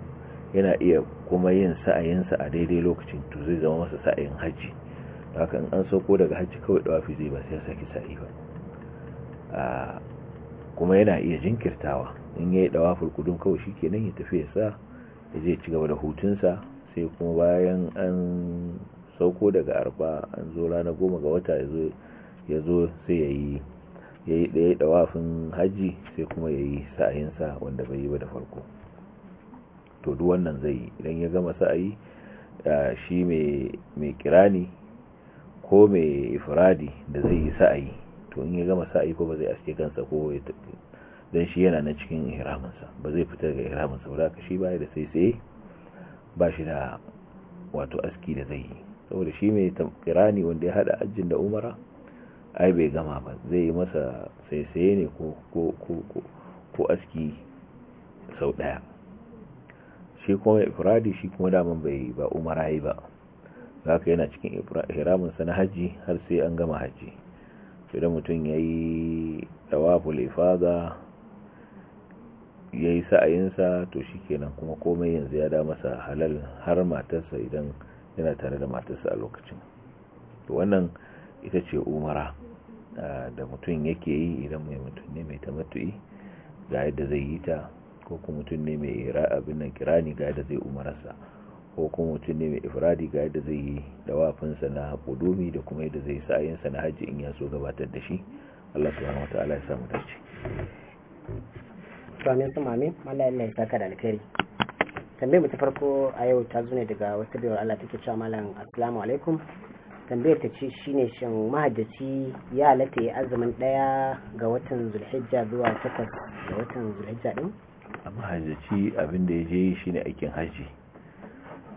yana iya kuma yin sa'ayinsa a daidai lokacin to zai zama masa sa'ayin hajji haka in an sauko daga hajji kawai dawafi zai ba sai ya saki sa'i ba kuma yana iya jinkirtawa in ya yi kudun kawai shi kenan ya tafi ya sa ya je ci gaba da hutunsa sai kuma bayan an sauko daga arba an zo rana goma ga wata ya zo sai ya yi ya yi ɗaya ɗawafin hajji sai kuma ya yi sa'ayinsa wanda bai yi ba da farko to duk wannan zai yi idan ya gama sa'ayi shi mai kirani ko mai ifradi da zai yi sa'ayi to in ya gama sa'i ko ba zai aske kansa ko ya dan shi yana na cikin ihraminsa ba zai fita daga ihraminsa ba ka shi ba da sai sai ba shi da wato aski da zai yi saboda shi mai kirani wanda ya hada ajin da umara ai bai gama ba zai yi masa sai sai ne ko ko ko ko aski sau daya shi kuma ifradi shi kuma daman bai ba umara yi ba haka yana cikin ihraminsa na hajji har sai an gama hajji. to da mutum ya yi tawaful ifada ya yi sa'ayinsa to shi kenan kuma komai yanzu ya damasa masa halal har matarsa idan yana tare da matarsa a lokacin to wannan ita ce umara ah, da mutum yake yi idan mai mutum ne mai tamattu'i ga yadda zai yi ta ko kuma mutum ne mai abin nan kirani ga yadda zai umararsa ko kuma mutum ne mai ifradi ga yadda zai yi da wafinsa na ƙudumi da kuma yadda zai sa'ayinsa na hajji in ya so gabatar da shi Allah subhanahu wata ta'ala ya samu dace amin kuma amin mallan Allah ya ka da alkhairi tambayar mu ta farko a yau ta zo ne daga wata biyar Allah take cewa malam assalamu alaikum tambayar ta ce shine shin mahajjaci ya halatta ya azumin daya ga watan zulhijja zuwa takwas ga watan zulhijja din mahajjaci abin da ya je shi ne aikin hajji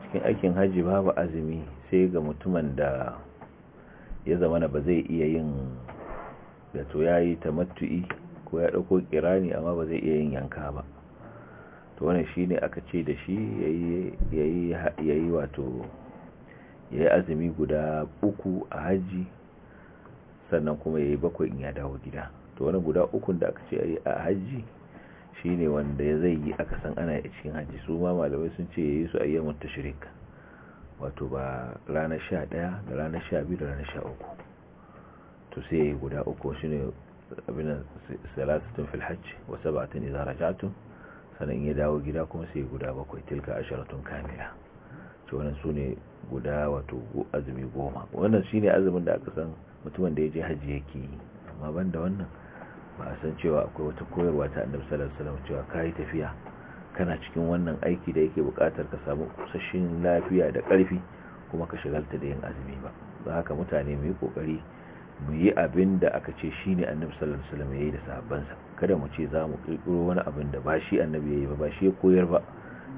cikin aikin haji babu azumi sai ga mutumin da ya zama na ba zai iya yin da to ya yi tamattu'i ko ya ɗauko kirani amma ba zai iya yin yanka ba to wani shi ne aka ce da shi ya yi wato ya yi azumi guda uku a hajji sannan kuma ya yi bakwai in ya dawo gida to wani guda ukun da aka ce a hajji shine wanda ya zai yi aka san ana cikin hajji su ma malamai sun ce ya yi su ta tashrik wato ba ranar daya da ranar biyu da ranar uku to sai yayi guda uku shine abin salatun fil hajj wa sab'atun idza raja'tum sanan ya dawo gida kuma sai guda bakwai tilka asharatun kamila to wannan sune guda wato azumi goma wannan shine azumin da aka san mutumin da ya je hajji yake amma banda wannan ba a san cewa akwai wata koyarwa ta annabi sallallahu alaihi wasallam cewa kai tafiya kana cikin wannan aiki da yake bukatar ka samu kusashin lafiya da karfi kuma ka shigalta da yin azumi ba don haka mutane mu yi kokari mu yi abin da aka ce shi ne annabi sallallahu alaihi wasallam yayi da sahabbansa kada mu ce za mu kirkiro wani abin da ba shi annabi yayi ba ba shi ya koyar ba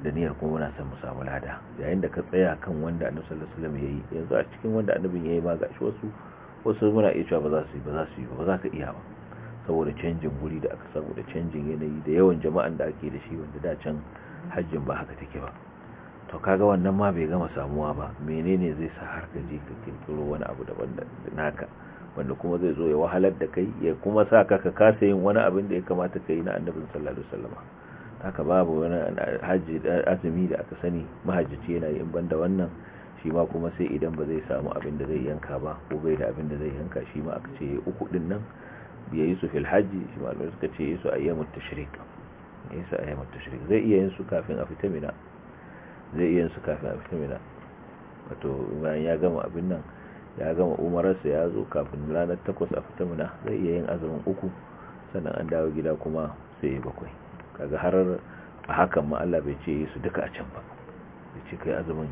da niyyar kuma muna son mu samu lada yayin da ka tsaya kan wanda annabi sallallahu alaihi wasallam yayi yanzu a cikin wanda annabin yayi ba ga shi wasu wasu muna iya cewa ba za su yi ba za su yi ba za ka iya ba saboda canjin guri da aka samu da canjin yanayi da yawan jama'an da ake da shi wanda da can hajjin ba haka take ba to kaga wannan ma bai gama samuwa ba menene zai sa har ka je ka kirkiro wani abu daban da naka wanda kuma zai zo ya wahalar da kai ya kuma sa ka kasa yin wani abin da ya kamata ka yi na annabin sallallahu alaihi wasallam haka babu wani azumi da aka sani mahajjaci yana yin banda wannan shi ma kuma sai idan ba zai samu abin da zai yanka ba ko bai da abin da zai yanka shi ma aka ce uku din nan ya yi su fil hajji shi malamai suka ce yi su ayyamut tashrik yi su ayyamut tashrik zai iya yin su kafin a fita mina zai iya yin su kafin a fita mina wato bayan ya gama abin nan ya gama umararsa ya zo kafin ranar takwas a fita mina zai iya yin azumin uku sannan an dawo gida kuma sai bakwai kaga har a hakan ma Allah bai ce su duka a can ba ya ce kai azumin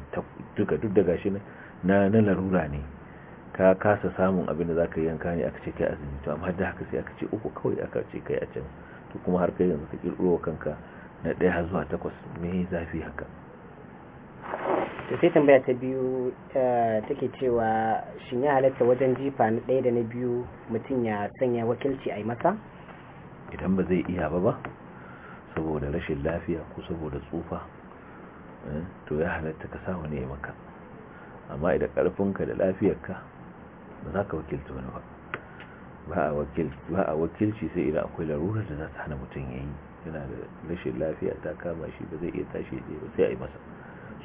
duka duk da gashi na na larura ne ka kasa samun abin da za ka yanka ne aka ce kai azumi to amma da haka sai aka ce uku kawai aka ce kai a can to kuma har kai yanzu ka kirkiro kanka na ɗaya har zuwa takwas me zafi haka to sai tambaya ta biyu take cewa shin ya halatta wajen jifa na ɗaya da na biyu mutum ya sanya wakilci a yi masa idan ba zai iya ba ba saboda rashin lafiya ko saboda tsufa eh, to ya halatta ka sa wani ya maka amma idan karfinka da lafiyarka ba za ka wakilta wani ba ba a wakilci sai idan akwai larurar da za ta hana mutum ya yi yana da rashin lafiya ta kama shi ba zai iya tashi ya ba sai a yi masa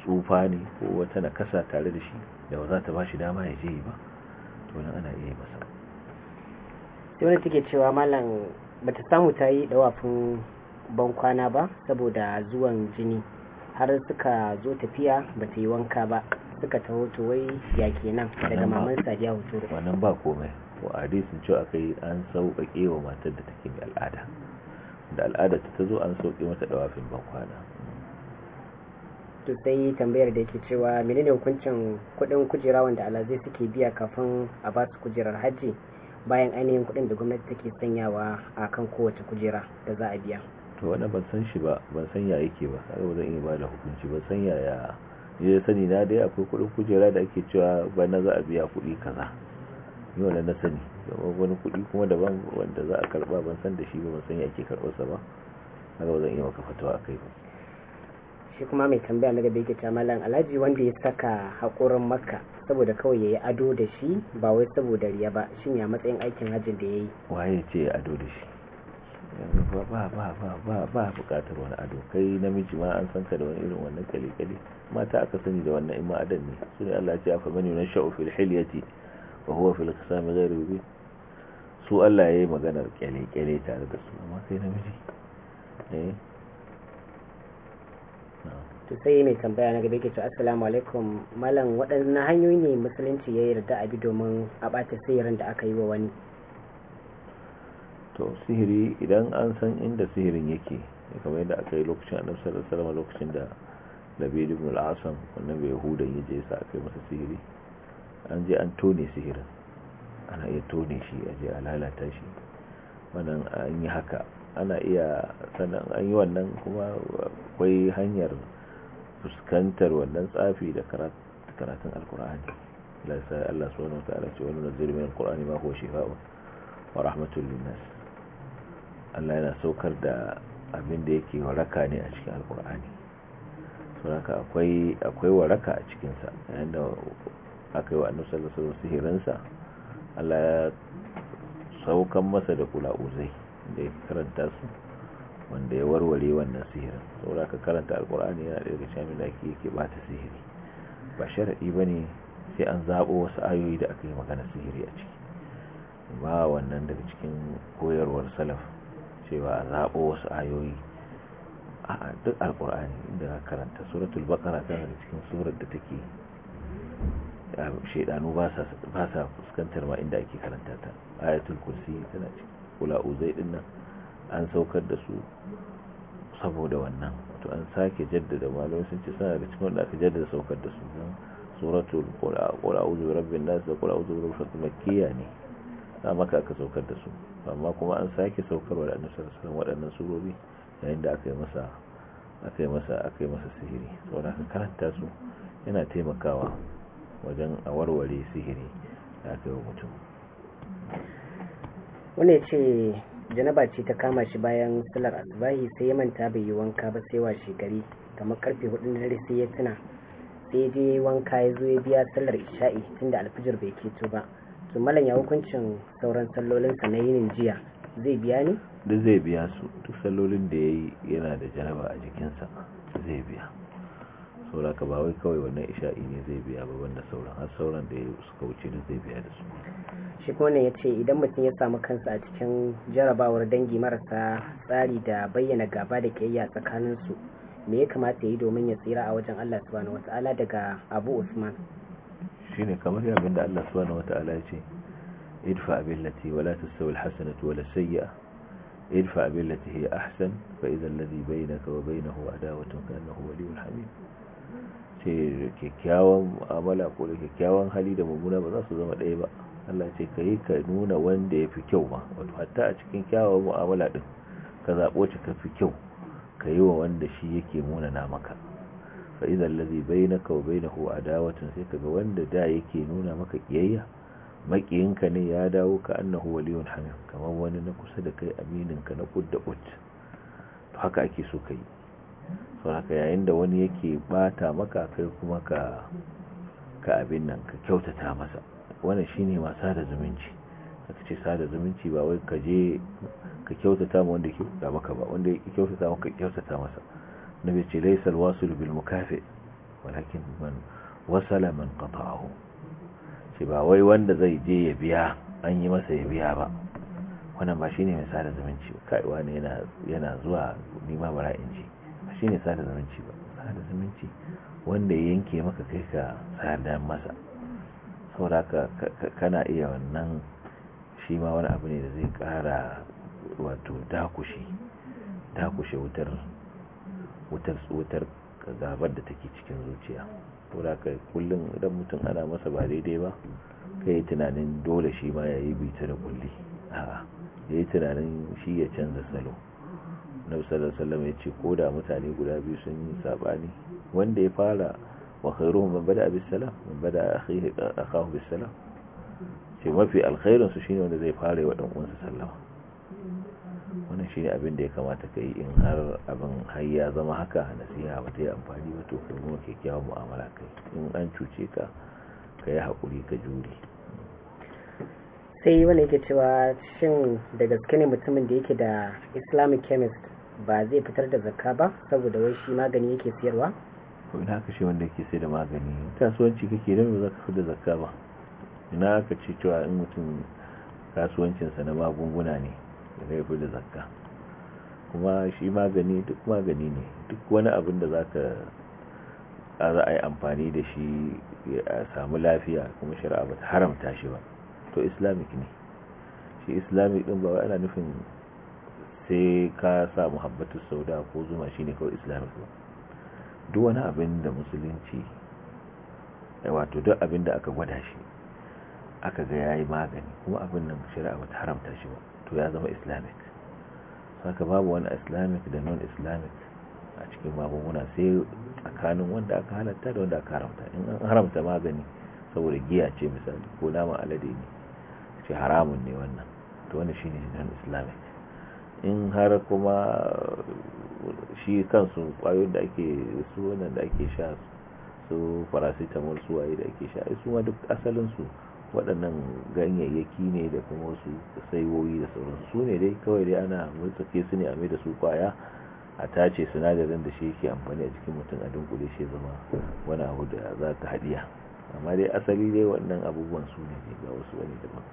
tsufa ne ko wata na kasa tare da shi da ba za ta ba shi dama ya je yi ba to nan ana iya yi masa sai wani cewa malam bata samu ta yi dawafin ban kwana ba saboda zuwan jini har suka zo tafiya ba ta yi wanka ba suka ta hoto wai ya nan daga maman sadiya hotoro wannan ba komai ko a sun cewa aka yi an sauƙaƙe wa matar da take mai al'ada da al'ada ta zo an sauƙe mata dawafin ban kwana to sai tambayar da yake cewa menene hukuncin kuɗin kujera wanda alazai suke biya kafin a ba su kujerar hajji bayan ainihin kuɗin da gwamnati take sanyawa a kan kowace kujera da za a biya to wannan ban san shi ba ban san ya yake ba kaga ba zan iya ba da hukunci ban san yaya ya sani na dai akwai kudin kujera da ake cewa bana za a biya kudi kaza ni yau na sani domin wani kudi kuma daban wanda za a karba ban san da shi ba ban san ya ke karbarsa ba haka ba zan iya maka fatawa a kai ba shi kuma mai tambaya na gaba yake ta malam alhaji wanda ya saka haƙorin maka saboda kawai ya yi ado da shi ba wai saboda riya ba shin ya matsayin aikin hajjin da ya yi waye ce ado da shi yanzu ba ba ba ba ba ba bukatar wani ado kai namiji ma an san ka da wani irin wannan kalikali mata aka sani da wannan imma adan ne su ne Allah ce afa mani nan sha'u fil hilyati wa huwa fil qisami ghairu bi su Allah yayi maganar kyale-kyale tare da su amma sai namiji eh to sai mai tambaya na gaba ke ce assalamu alaikum malam waɗannan hanyoyi ne musulunci ya yarda a bi domin a ɓata sirrin da aka yi wa wani to sihiri idan an san inda sihirin yake kamar yadda aka yi lokacin annabi sallallahu alaihi wasallam lokacin da nabi ibn al-asam wannan bai hudan yaje sa kai masa sihiri an je an tone sihirin ana iya tone shi a je a lalata shi wannan an yi haka ana iya sannan an yi wannan kuma akwai hanyar fuskantar wannan tsafi da karatun alkur'ani Allah subhanahu wa ta'ala ce wani nazir min alkur'ani ma ko shifa'u wa rahmatul linnas Allah yana saukar da abin da yake waraka ne a cikin alkur'ani sauraka akwai waraka a cikinsa yayin da aka yi wa annabi sallallahu sihirinsa Allah ya saukan masa da kula uzai da ya karanta su wanda ya warware wannan sihirin sauraka karanta alkur'ani yana da yake cikin da yake bata sihiri ba ba ne, sai an zaɓo wasu ayoyi da aka yi magana sihiri a ciki ba wannan daga cikin koyarwar salaf cewa a zaɓo wasu ayoyi a duk alkur'ani inda karanta suratul bakara tana da cikin surat da take shaidanu ba sa fuskantar ma inda ake karanta ta ayatul kursi tana cikin kula uzai din nan an saukar da su saboda wannan wato an sake jaddada malamai sun ce suna da cikin wanda aka jaddada saukar da su don suratul kula uzu rabin nasu da kula uzu rabbin makkiya ne a maka aka saukar da su amma kuma an sake saukarwa da annabi su waɗannan surobi yayin da aka yi masa aka yi masa aka yi masa sihiri saboda haka karanta su yana taimakawa wajen a warware sihiri da aka yi wa mutum wanda ce janaba ce ta kama shi bayan salar asubahi sai ya manta bai yi wanka ba sai washe gari kamar karfe hudu na dare sai ya tuna sai ya je wanka ya zo ya biya salar isha'i tunda alfijir bai keto ba to ya hukuncin sauran sallolinsa na yinin jiya zai biya ne duk zai biya su duk sallolin da ya yi yana da janaba a jikinsa zai biya saura ka ba kawai wannan isha'i ne zai biya ba wanda sauran har sauran da ya suka wuce da zai biya da su shi kone ya ce idan mutum ya samu kansa a cikin jarabawar dangi marasa tsari da bayyana gaba da kiyayya tsakaninsu me ya kamata ya yi domin ya tsira a wajen allah subhanahu wataala daga abu usman shine kamar yabin da Allah subhanahu wata'ala ya ce idfa billati wala tastawi alhasanatu wala sayyi'a idfa billati hiya ahsan fa idha alladhi bainaka wa bainahu adawatun ka'annahu waliyyun hamim ce kyakkyawan amala ko da kyakkyawan hali da mummuna ba za su zama ɗaya ba Allah ce ka yi ka nuna wanda ya fi kyau ma wato hatta a cikin kyawawan mu'amala ɗin ka zaɓo ci ka fi kyau ka yi wa wanda shi yake munana maka fa idan na ka wa a adawatun sai kaga wanda da yake nuna maka kiyayya makiyinka ne ya dawo ka annahu waliyun hamim kamar wani na kusa da kai aminin ka na kudda ut to haka ake so kai so haka yayin da wani yake bata maka kai kuma ka ka abin nan ka kyautata masa wannan shine ma sada zumunci aka ce sada zumunci ba wai ka je ka kyautata ma wanda ke maka ba wanda ya kyautata maka kyautata masa nabi ce laisa alwasil bil mukafi walakin man wasala man qata'ahu ce ba wai wanda zai je ya biya an yi masa ya biya ba wannan ba shine mai sada zumunci ba kai wani yana zuwa nima bara in ji ba shine sada zumunci ba sada zumunci wanda ya yanke maka kai ka sada masa saboda ka kana iya wannan shi ma wani abu ne da zai kara wato dakushi dakushe wutar wutar tsotar gabar da take cikin zuciya to da kai kullum idan mutum ana masa ba daidai ba kai tunanin dole shi ma ya yi bita da kulli a'a ya yi tunanin shi ya canza salo na sallallahu ya ce ko da mutane guda biyu sun yi sabani wanda ya fara wa khairuhum man bada bis salam man bada akhihi akahu bis salam ce mafi alkhairin su shine wanda zai fara wa dan uwansa sallama wannan shi ne abin da ya kamata ka yi in har abin har ya zama haka nasiha ba ta yi amfani ba to kai nuna kyakkyawar mu'amala kai in an cuce ka ka yi haƙuri ka jure sai wani yake cewa shin da gaske ne mutumin da yake da islamic chemist ba zai fitar da zakka ba saboda wai shi magani yake siyarwa ko ina ka shi wanda yake sai da magani kasuwanci kake don ba za ka fi da zakka ba ina ka ce cewa in mutum kasuwancinsa na magunguna ne ya fi da zakka kuma shi magani duk magani ne duk wani abin da za ka za yi amfani da shi ya samu lafiya kuma shari'a ba ta haramta shi ba to islamic ne shi islamic din ba ana nufin sai ka sa muhabbatu sauda ko zuma shine kawai islamic ba duk wani abin da musulunci wato duk abin da aka gwada shi aka ga yayi magani kuma abin nan shari'a ba ta haramta shi ba to ya zama islamic haka babu wani islamic da non islamic a cikin magunguna sai tsakanin wanda aka halatta da wanda aka haramta in an haramta magani saboda giya ce misali ko naman alade ne ce haramun ne wannan to wani ne non islamic in har kuma shi kansu kwayoyin da ake su wannan da ake sha su farasitamol su waye da ake sha su ma duk asalinsu. su waɗannan ganyayyaki ne da kuma wasu saiwoyi da sauransu su ne dai kawai dai ana mutsake su ne a mai da su kwaya a tace sinadarin da shi yake amfani a jikin mutum a dunkule shi zama wani abu da za ta haɗiya amma dai asali dai waɗannan abubuwan su ne ga wasu wani daban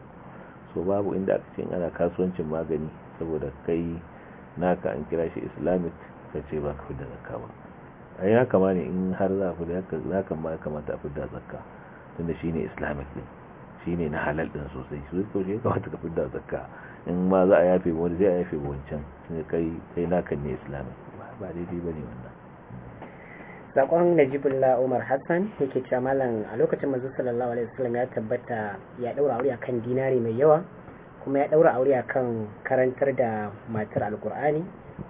so babu inda aka ce ana kasuwancin magani saboda kai naka an kira shi islamic ka ce ba ka fidda zakka ba a yi haka ma ne in har za ka fidda zakka ma ya kamata a fidda zakka tunda shi ne islamic ne shine na halal din sosai su ko shi kawai ka fidda zakka in ma za a yafe wani zai a yafe wancan kai kai nakan ne islami ba daidai bane wannan sakon najibullah umar hassan ya ke cewa malam a lokacin mazu sallallahu alaihi wasallam ya tabbata ya daura aure akan dinari mai yawa kuma ya daura aure akan karantar da matar alkur'ani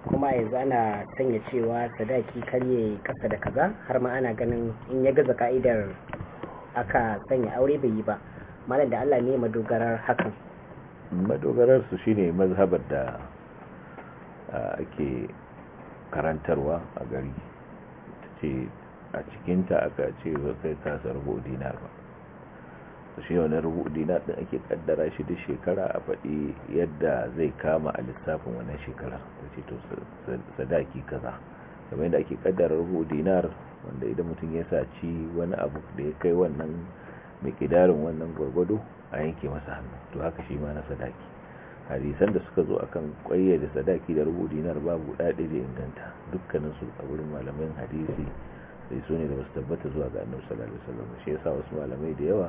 kuma yanzu ana sanya cewa sadaki karye kasa da kaza har ma ana ganin in ya gaza ka'idar aka sanya aure bai yi ba malam da Allah ne madogarar hakan madogarar su shine mazhabar da ake karantarwa a gari ce a cikinta aka ce ba kai kasa rubu dinar ba su shi wani rubu din ake kaddara shi da shekara a faɗi yadda zai kama a lissafin wannan shekara ta ce to sadaki kaza kamar yadda ake kaddara rubu dinar wanda idan mutum ya saci wani abu da ya kai wannan kidarin wannan gwargwado a yanke masa hannu to haka shi ma na sadaki hadisan da suka zo akan kwaye da sadaki da rubu dinar babu ɗaɗe da inganta dukkaninsu a wurin malamin hadisi sai su ne da su tabbata zuwa ga annabi sallallahu alaihi wasallam shi yasa wasu malamai da yawa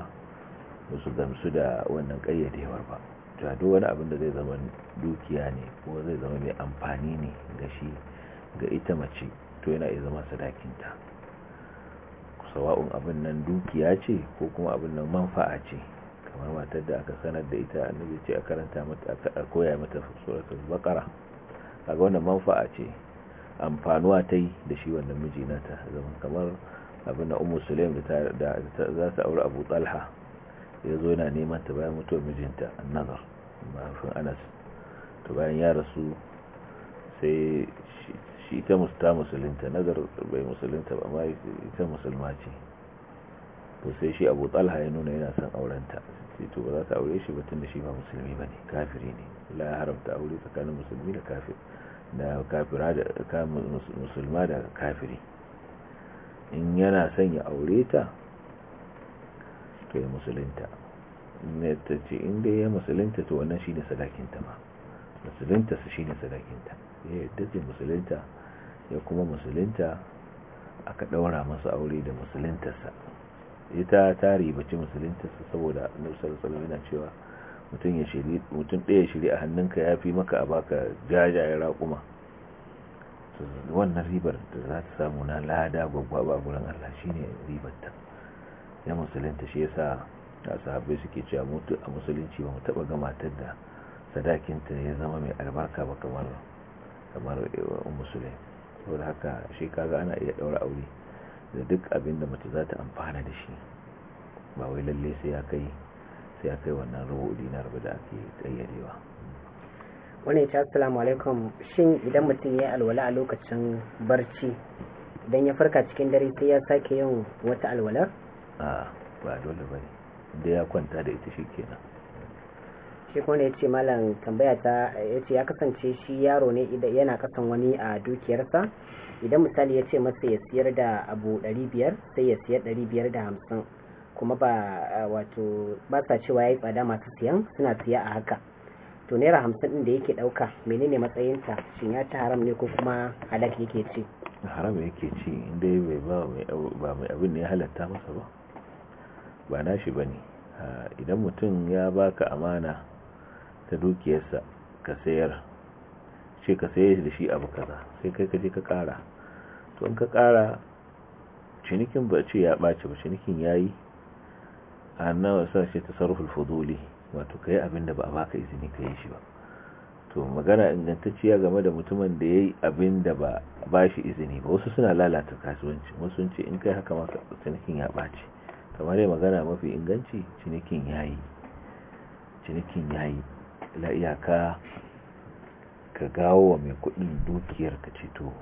ba su gamsu da wannan yawar ba to duk wani abin da zai zama dukiya ne ko zai zama mai amfani ne ga shi ga ita mace to yana iya zama sadakinta sawa'un abin nan dukiya ce ko kuma abin nan manfa'a ce kamar matar da aka sanar da ita annabi ce a karanta mata a koya mata suratul baqara kaga wannan manfa'a ce amfanuwa ta yi da shi wannan miji nata zama kamar abin da ummu sulaim da za ta aure abu talha ya zo yana neman ta bayan mutuwar mijinta annazar mahaifin anas to bayan ya rasu sai shi ita ta musulunta nazar bai musulunta ba mai ita musulma ce to sai shi abu talha ya nuna yana son aurenta sai to ba za ta aure shi ba tun da shi ba musulmi ba ne kafiri ne la ya haramta aure tsakanin musulmi da kafir da kafira da musulma da kafiri in yana son ya aure ta to ya musulunta ne ta ce in dai ya musulunta to wannan shine sadakinta ma musulunta su shine sadakinta ya eh, yadda musulunta ya kuma musulunta aka ɗaura masa aure da musuluntarsa ita ta ribaci musuluntarsa saboda annabi yana cewa mutum ɗaya shiri a hannunka ya fi maka a baka jajayen raƙuma wannan ribar da za ta samu na lada ba gurin Allah shi ribar ta ya musulunta shi yasa a sahabai suke cewa mutu a musulunci ba mu taɓa gamatar da sadakinta ya zama mai albarka ba kamar kamar eh, musulai da haka shi kaga ana iya daura aure da duk abin da mace za ta amfana da shi ba wai lalle sai ya kai sai ya kai wannan rubu dinar ba da ake kayyadewa wani ta assalamu alaikum shin idan mutum ya yi alwala a lokacin barci idan ya farka cikin dare sai ya sake yin wata alwala a ba dole bane da ya kwanta da ita shi kenan. shi kuma ya ce malam tambaya ta ya ce ya kasance shi yaro ne idan yana kasan wani a dukiyarsa idan misali ya ce masa ya siyar da abu 500 sai ya siyar 550 kuma ba wato ba sa cewa ya yi tsada masu siyan suna siya a haka to naira hamsin din da yake dauka menene matsayinta shin ya ci haram ne ko kuma halak yake ci haram yake ci inda bai ba mai abin ne ya halatta masa ba ba nashi ne idan mutum ya baka amana ta dukiyarsa ka sayar ce ka sayar da shi abu kaza sai kai ka je ka kara to in ka kara cinikin ba ce ya ɓace ba cinikin ya yi a nawa sa ce ta sarrufin fuduli wato ka yi abin da ba a baka izini ka yi shi ba to magana ingantacciya game da mutumin da ya yi abin da ba ba shi izini ba wasu suna lalata kasuwanci wasu sun ce in kai haka masa cinikin ya ɓace kamar yi magana mafi inganci cinikin cinikin ya yi la iyaka ka gawo wa mai kudin dukiyar ka ce to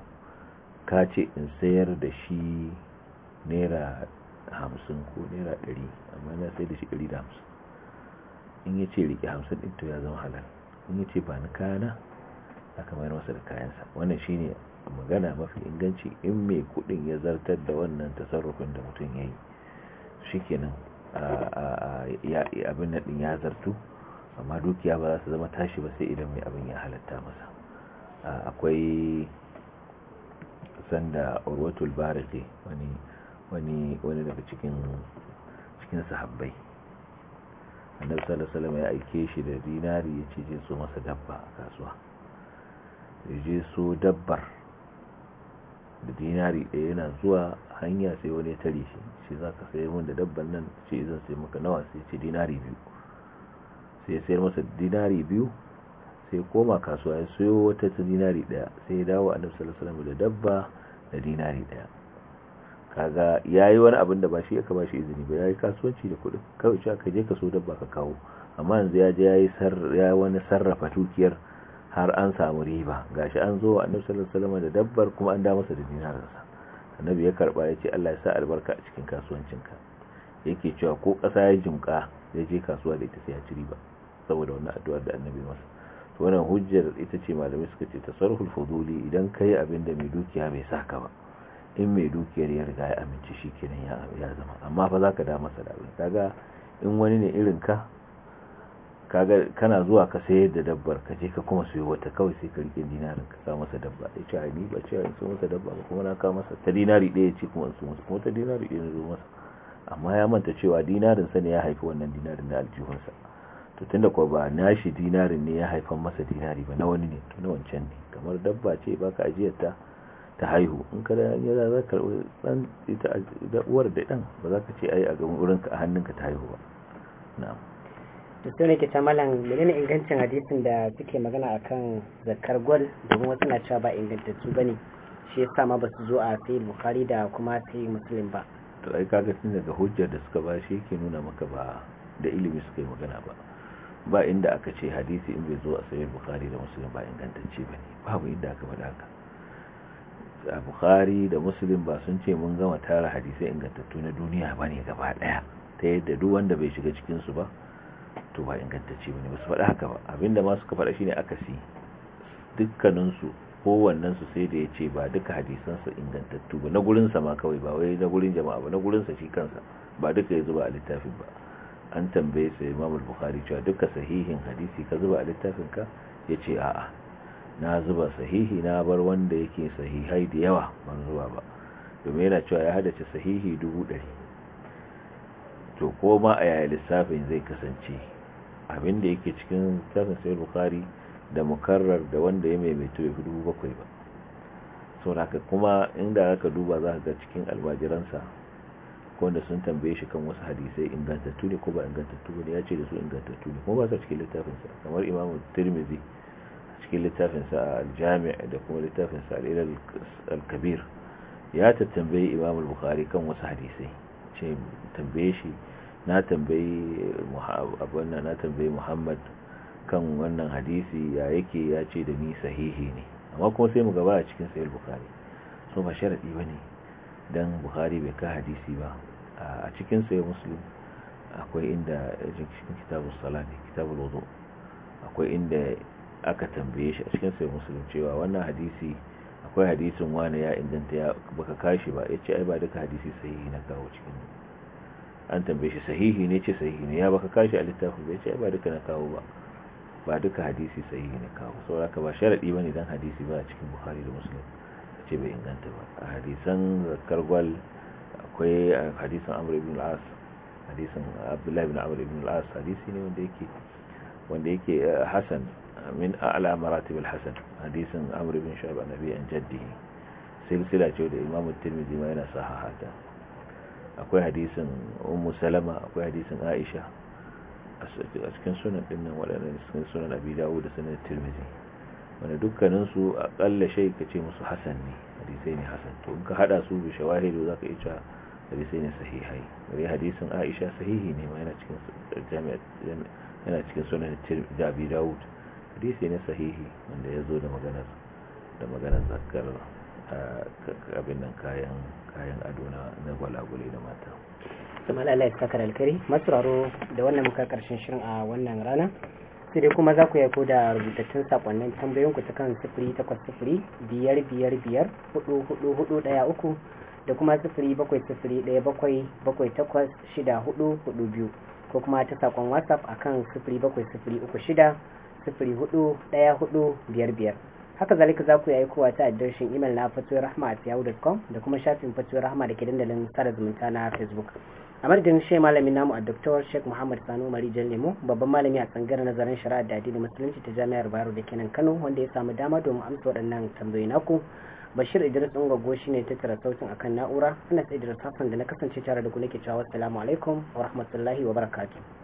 ka ce in sayar da shi naira hamsin ko naira ɗari amma na sayar da shi ɗari da hamsin in ya ce riƙe hamsin ɗin to ya zama halar in ya ce ba ni kayana aka mayar masa da kayansa wannan shine magana mafi inganci in mai kudin ya zartar da wannan tasarrufin da mutum ya yi shi kenan abin naɗin ya zartu amma dukiya ba za su zama tashi ba sai idan mai abin ya halatta masa akwai sanda urwatul barake wani daga cikin cikin sahabbai annabi sallallahu alaihi ya aike shi da dinari ya ce je so masa dabba a kasuwa ya je so dabbar da dinari ɗaya yana zuwa hanya sai wani ya tare shi shi za ka sayi mun da dabban nan ce zan sai maka nawa sai ce dinari biyu sai ya sayar masa dinari biyu sai koma kasuwa ya soyo wata ta dinari daya sai ya dawo annabi sallallahu alaihi wasallam da dabba da dinari daya kaga yayi wani abin da ba shi ya ba shi izini ba yayi kasuwanci da kuɗi kawai cewa aka je ka so dabba ka kawo amma yanzu ya je yayi sar ya wani sarrafa tukiyar har an samu riba gashi an zo annabi sallallahu alaihi wasallam da dabbar kuma an da masa da dinarinsa annabi ya karba ya ce Allah ya sa albarka a cikin kasuwancinka yake cewa ko kasa ya jimka ya je kasuwa da ita sai ya ci riba saboda wannan addu'a da annabi masa to wannan hujjar ita ce malamai suka ce tasarruful fuduli idan kai abin da mai dukiya bai saka ba in mai dukiyar ya riga ya amince shi kenan ya zama amma fa zaka da masa da abin kaga in wani ne irin ka kaga kana zuwa ka sayar da dabbar ka je ka kuma sayo wata kawai sai ka rike dinarin ka kawo masa dabba ya ce ni ba ce in so masa dabba ba kuma na ka masa ta dinari ɗaya ce kuma in so masa kuma ta dinari ɗaya ne zo masa amma ya manta cewa dinarin sa ne ya haifi wannan dinarin da aljihunsa to tunda ko ba nashi dinarin ne ya haifan masa dinari ba na wani ne to na wancan ne kamar dabba ce baka ajiyar ta ta haihu in ka da ya za ka dan ita da uwar da dan ba za ka ce ai a gaban urinka a hannunka ta haihu ba na'am to sai ke ta malam menene ingancin hadisin da suke magana akan zakar gwal domin wasu na cewa ba ingantattu bane shi yasa ma ba su zo a sai bukhari da kuma sai muslim ba to ai kaga tun daga hujjar da suka ba shi yake nuna maka ba da ilimi suka yi magana ba ba inda aka ce hadisi in bai zo a sayar bukhari da muslim ba ingantacce ba ne babu inda aka faɗa haka a bukhari da muslim ba sun ce mun gama tara hadisai ingantattu na duniya ba ne gaba ɗaya ta yadda duk wanda bai shiga cikinsu ba to ba ingantacce ba ne ba su faɗa haka ba abinda ma suka faɗa aka si dukkaninsu kowannensu sai da ya ce ba duka hadisansa ingantattu ba na gurinsa ma kawai ba wai na gurin jama'a ba na gurinsa shi kansa ba duka ya zuba a littafin ba an tambaye sa imam al-bukhari cewa duka sahihin hadisi ka zuba a littafin ka ce a'a na zuba sahihi na bar wanda yake sahihai da yawa ban zuba ba domin yana cewa ya hadace sahihi dubu ɗari to ko ma a yaya lissafin zai kasance abin da yake cikin littafin sai bukhari da mukarrar da wanda ya maimaito ya fi dubu bakwai ba saboda kuma inda aka duba za ka ga cikin almajiransa wanda sun tambaye shi kan wasu hadisai ingantattu ne ko ba ingantattu ne ya ce da su ingantattu ne kuma ba su cikin littafinsa kamar imamu tirmizi a cikin littafinsa a aljamia da kuma littafinsa al'ilar al-kabir ya ta tambayi imamu bukari kan wasu hadisai ce tambaye shi na tambayi abuwan na tambaye muhammad kan wannan hadisi ya yake ya ce da ni sahihi ne amma kuma sai mu gaba a cikin sayar bukari so ba sharaɗi ba ne don bukari bai ka hadisi ba a cikin sai muslim akwai inda cikin kitabun salati kitabun wudu akwai inda aka tambaye shi a cikin sai muslim cewa wannan hadisi akwai hadisin wani ya inganta ya baka kashi ba ya ce ai ba duka hadisi sahihi na kawo cikin an tambaye shi sahihi ne ce sahihi ne ya baka kashi a littafin ba ce ai ba duka na kawo ba ba duka hadisi sahihi na kawo sauraka ba sharadi bane dan hadisi ba a cikin buhari da muslim ce bai inganta ba a hadisan zakar gwal akwai eh, hadisin amur ibn al hadisin abdullahi ibn amur ibn al hadisi ne wanda yake wanda yake eh, hasan min a'la maratib al-hasan hadisin amur ibn shu'aib annabi an jaddi silsila ce da imamu tirmidhi ma yana sahahata akwai hadisin ummu salama akwai hadisin aisha a cikin sunan dinnan waɗannan sunan abi dawud da sunan tirmidhi wanda dukkaninsu aƙalla shai ka ce musu hasan ne hadisai ne hasan to in ka hada su bi shawahidu za ka iya hadisai ne sahihai wani hadisin aisha sahihi ne ma yana cikin jami'a yana cikin sunan da abi dawud hadisi ne sahihi wanda ya zo da maganar da maganar zakar abin nan kayan kayan ado na gwalagwale da mata kuma lalai sakar alkari masu da wannan muka karshen shirin a wannan rana sai kuma za ku yako da rubutattun sakonnin tambayoyinku ta kan sifiri takwas sifiri biyar biyar biyar hudu hudu hudu daya uku da kuma sifiri bakwai sifiri daya bakwai bakwai takwas shida hudu hudu biyu ko kuma ta sakon whatsapp a kan sifiri bakwai sifiri uku shida sifiri hudu daya hudu biyar biyar haka zalika za ku yi aikowa ta adireshin imel na fatuwar rahma a yahoo.com da kuma shafin fatuwar rahma da ke dandalin sada zumunta na a facebook a madadin shi malami namu a Dr. Sheikh Muhammad Sanu Mari Lemo babban malami a tsangaren nazarin shari'a da addinin musulunci ta Jami'ar Bayero da kenan Kano wanda ya samu dama domin amsa waɗannan tambayoyi naku Bashir Idris shi ta tattara sautin akan na'ura Anas Idris Hassan da na kasance tare da ku nake cewa assalamu alaikum wa rahmatullahi wa barakatuh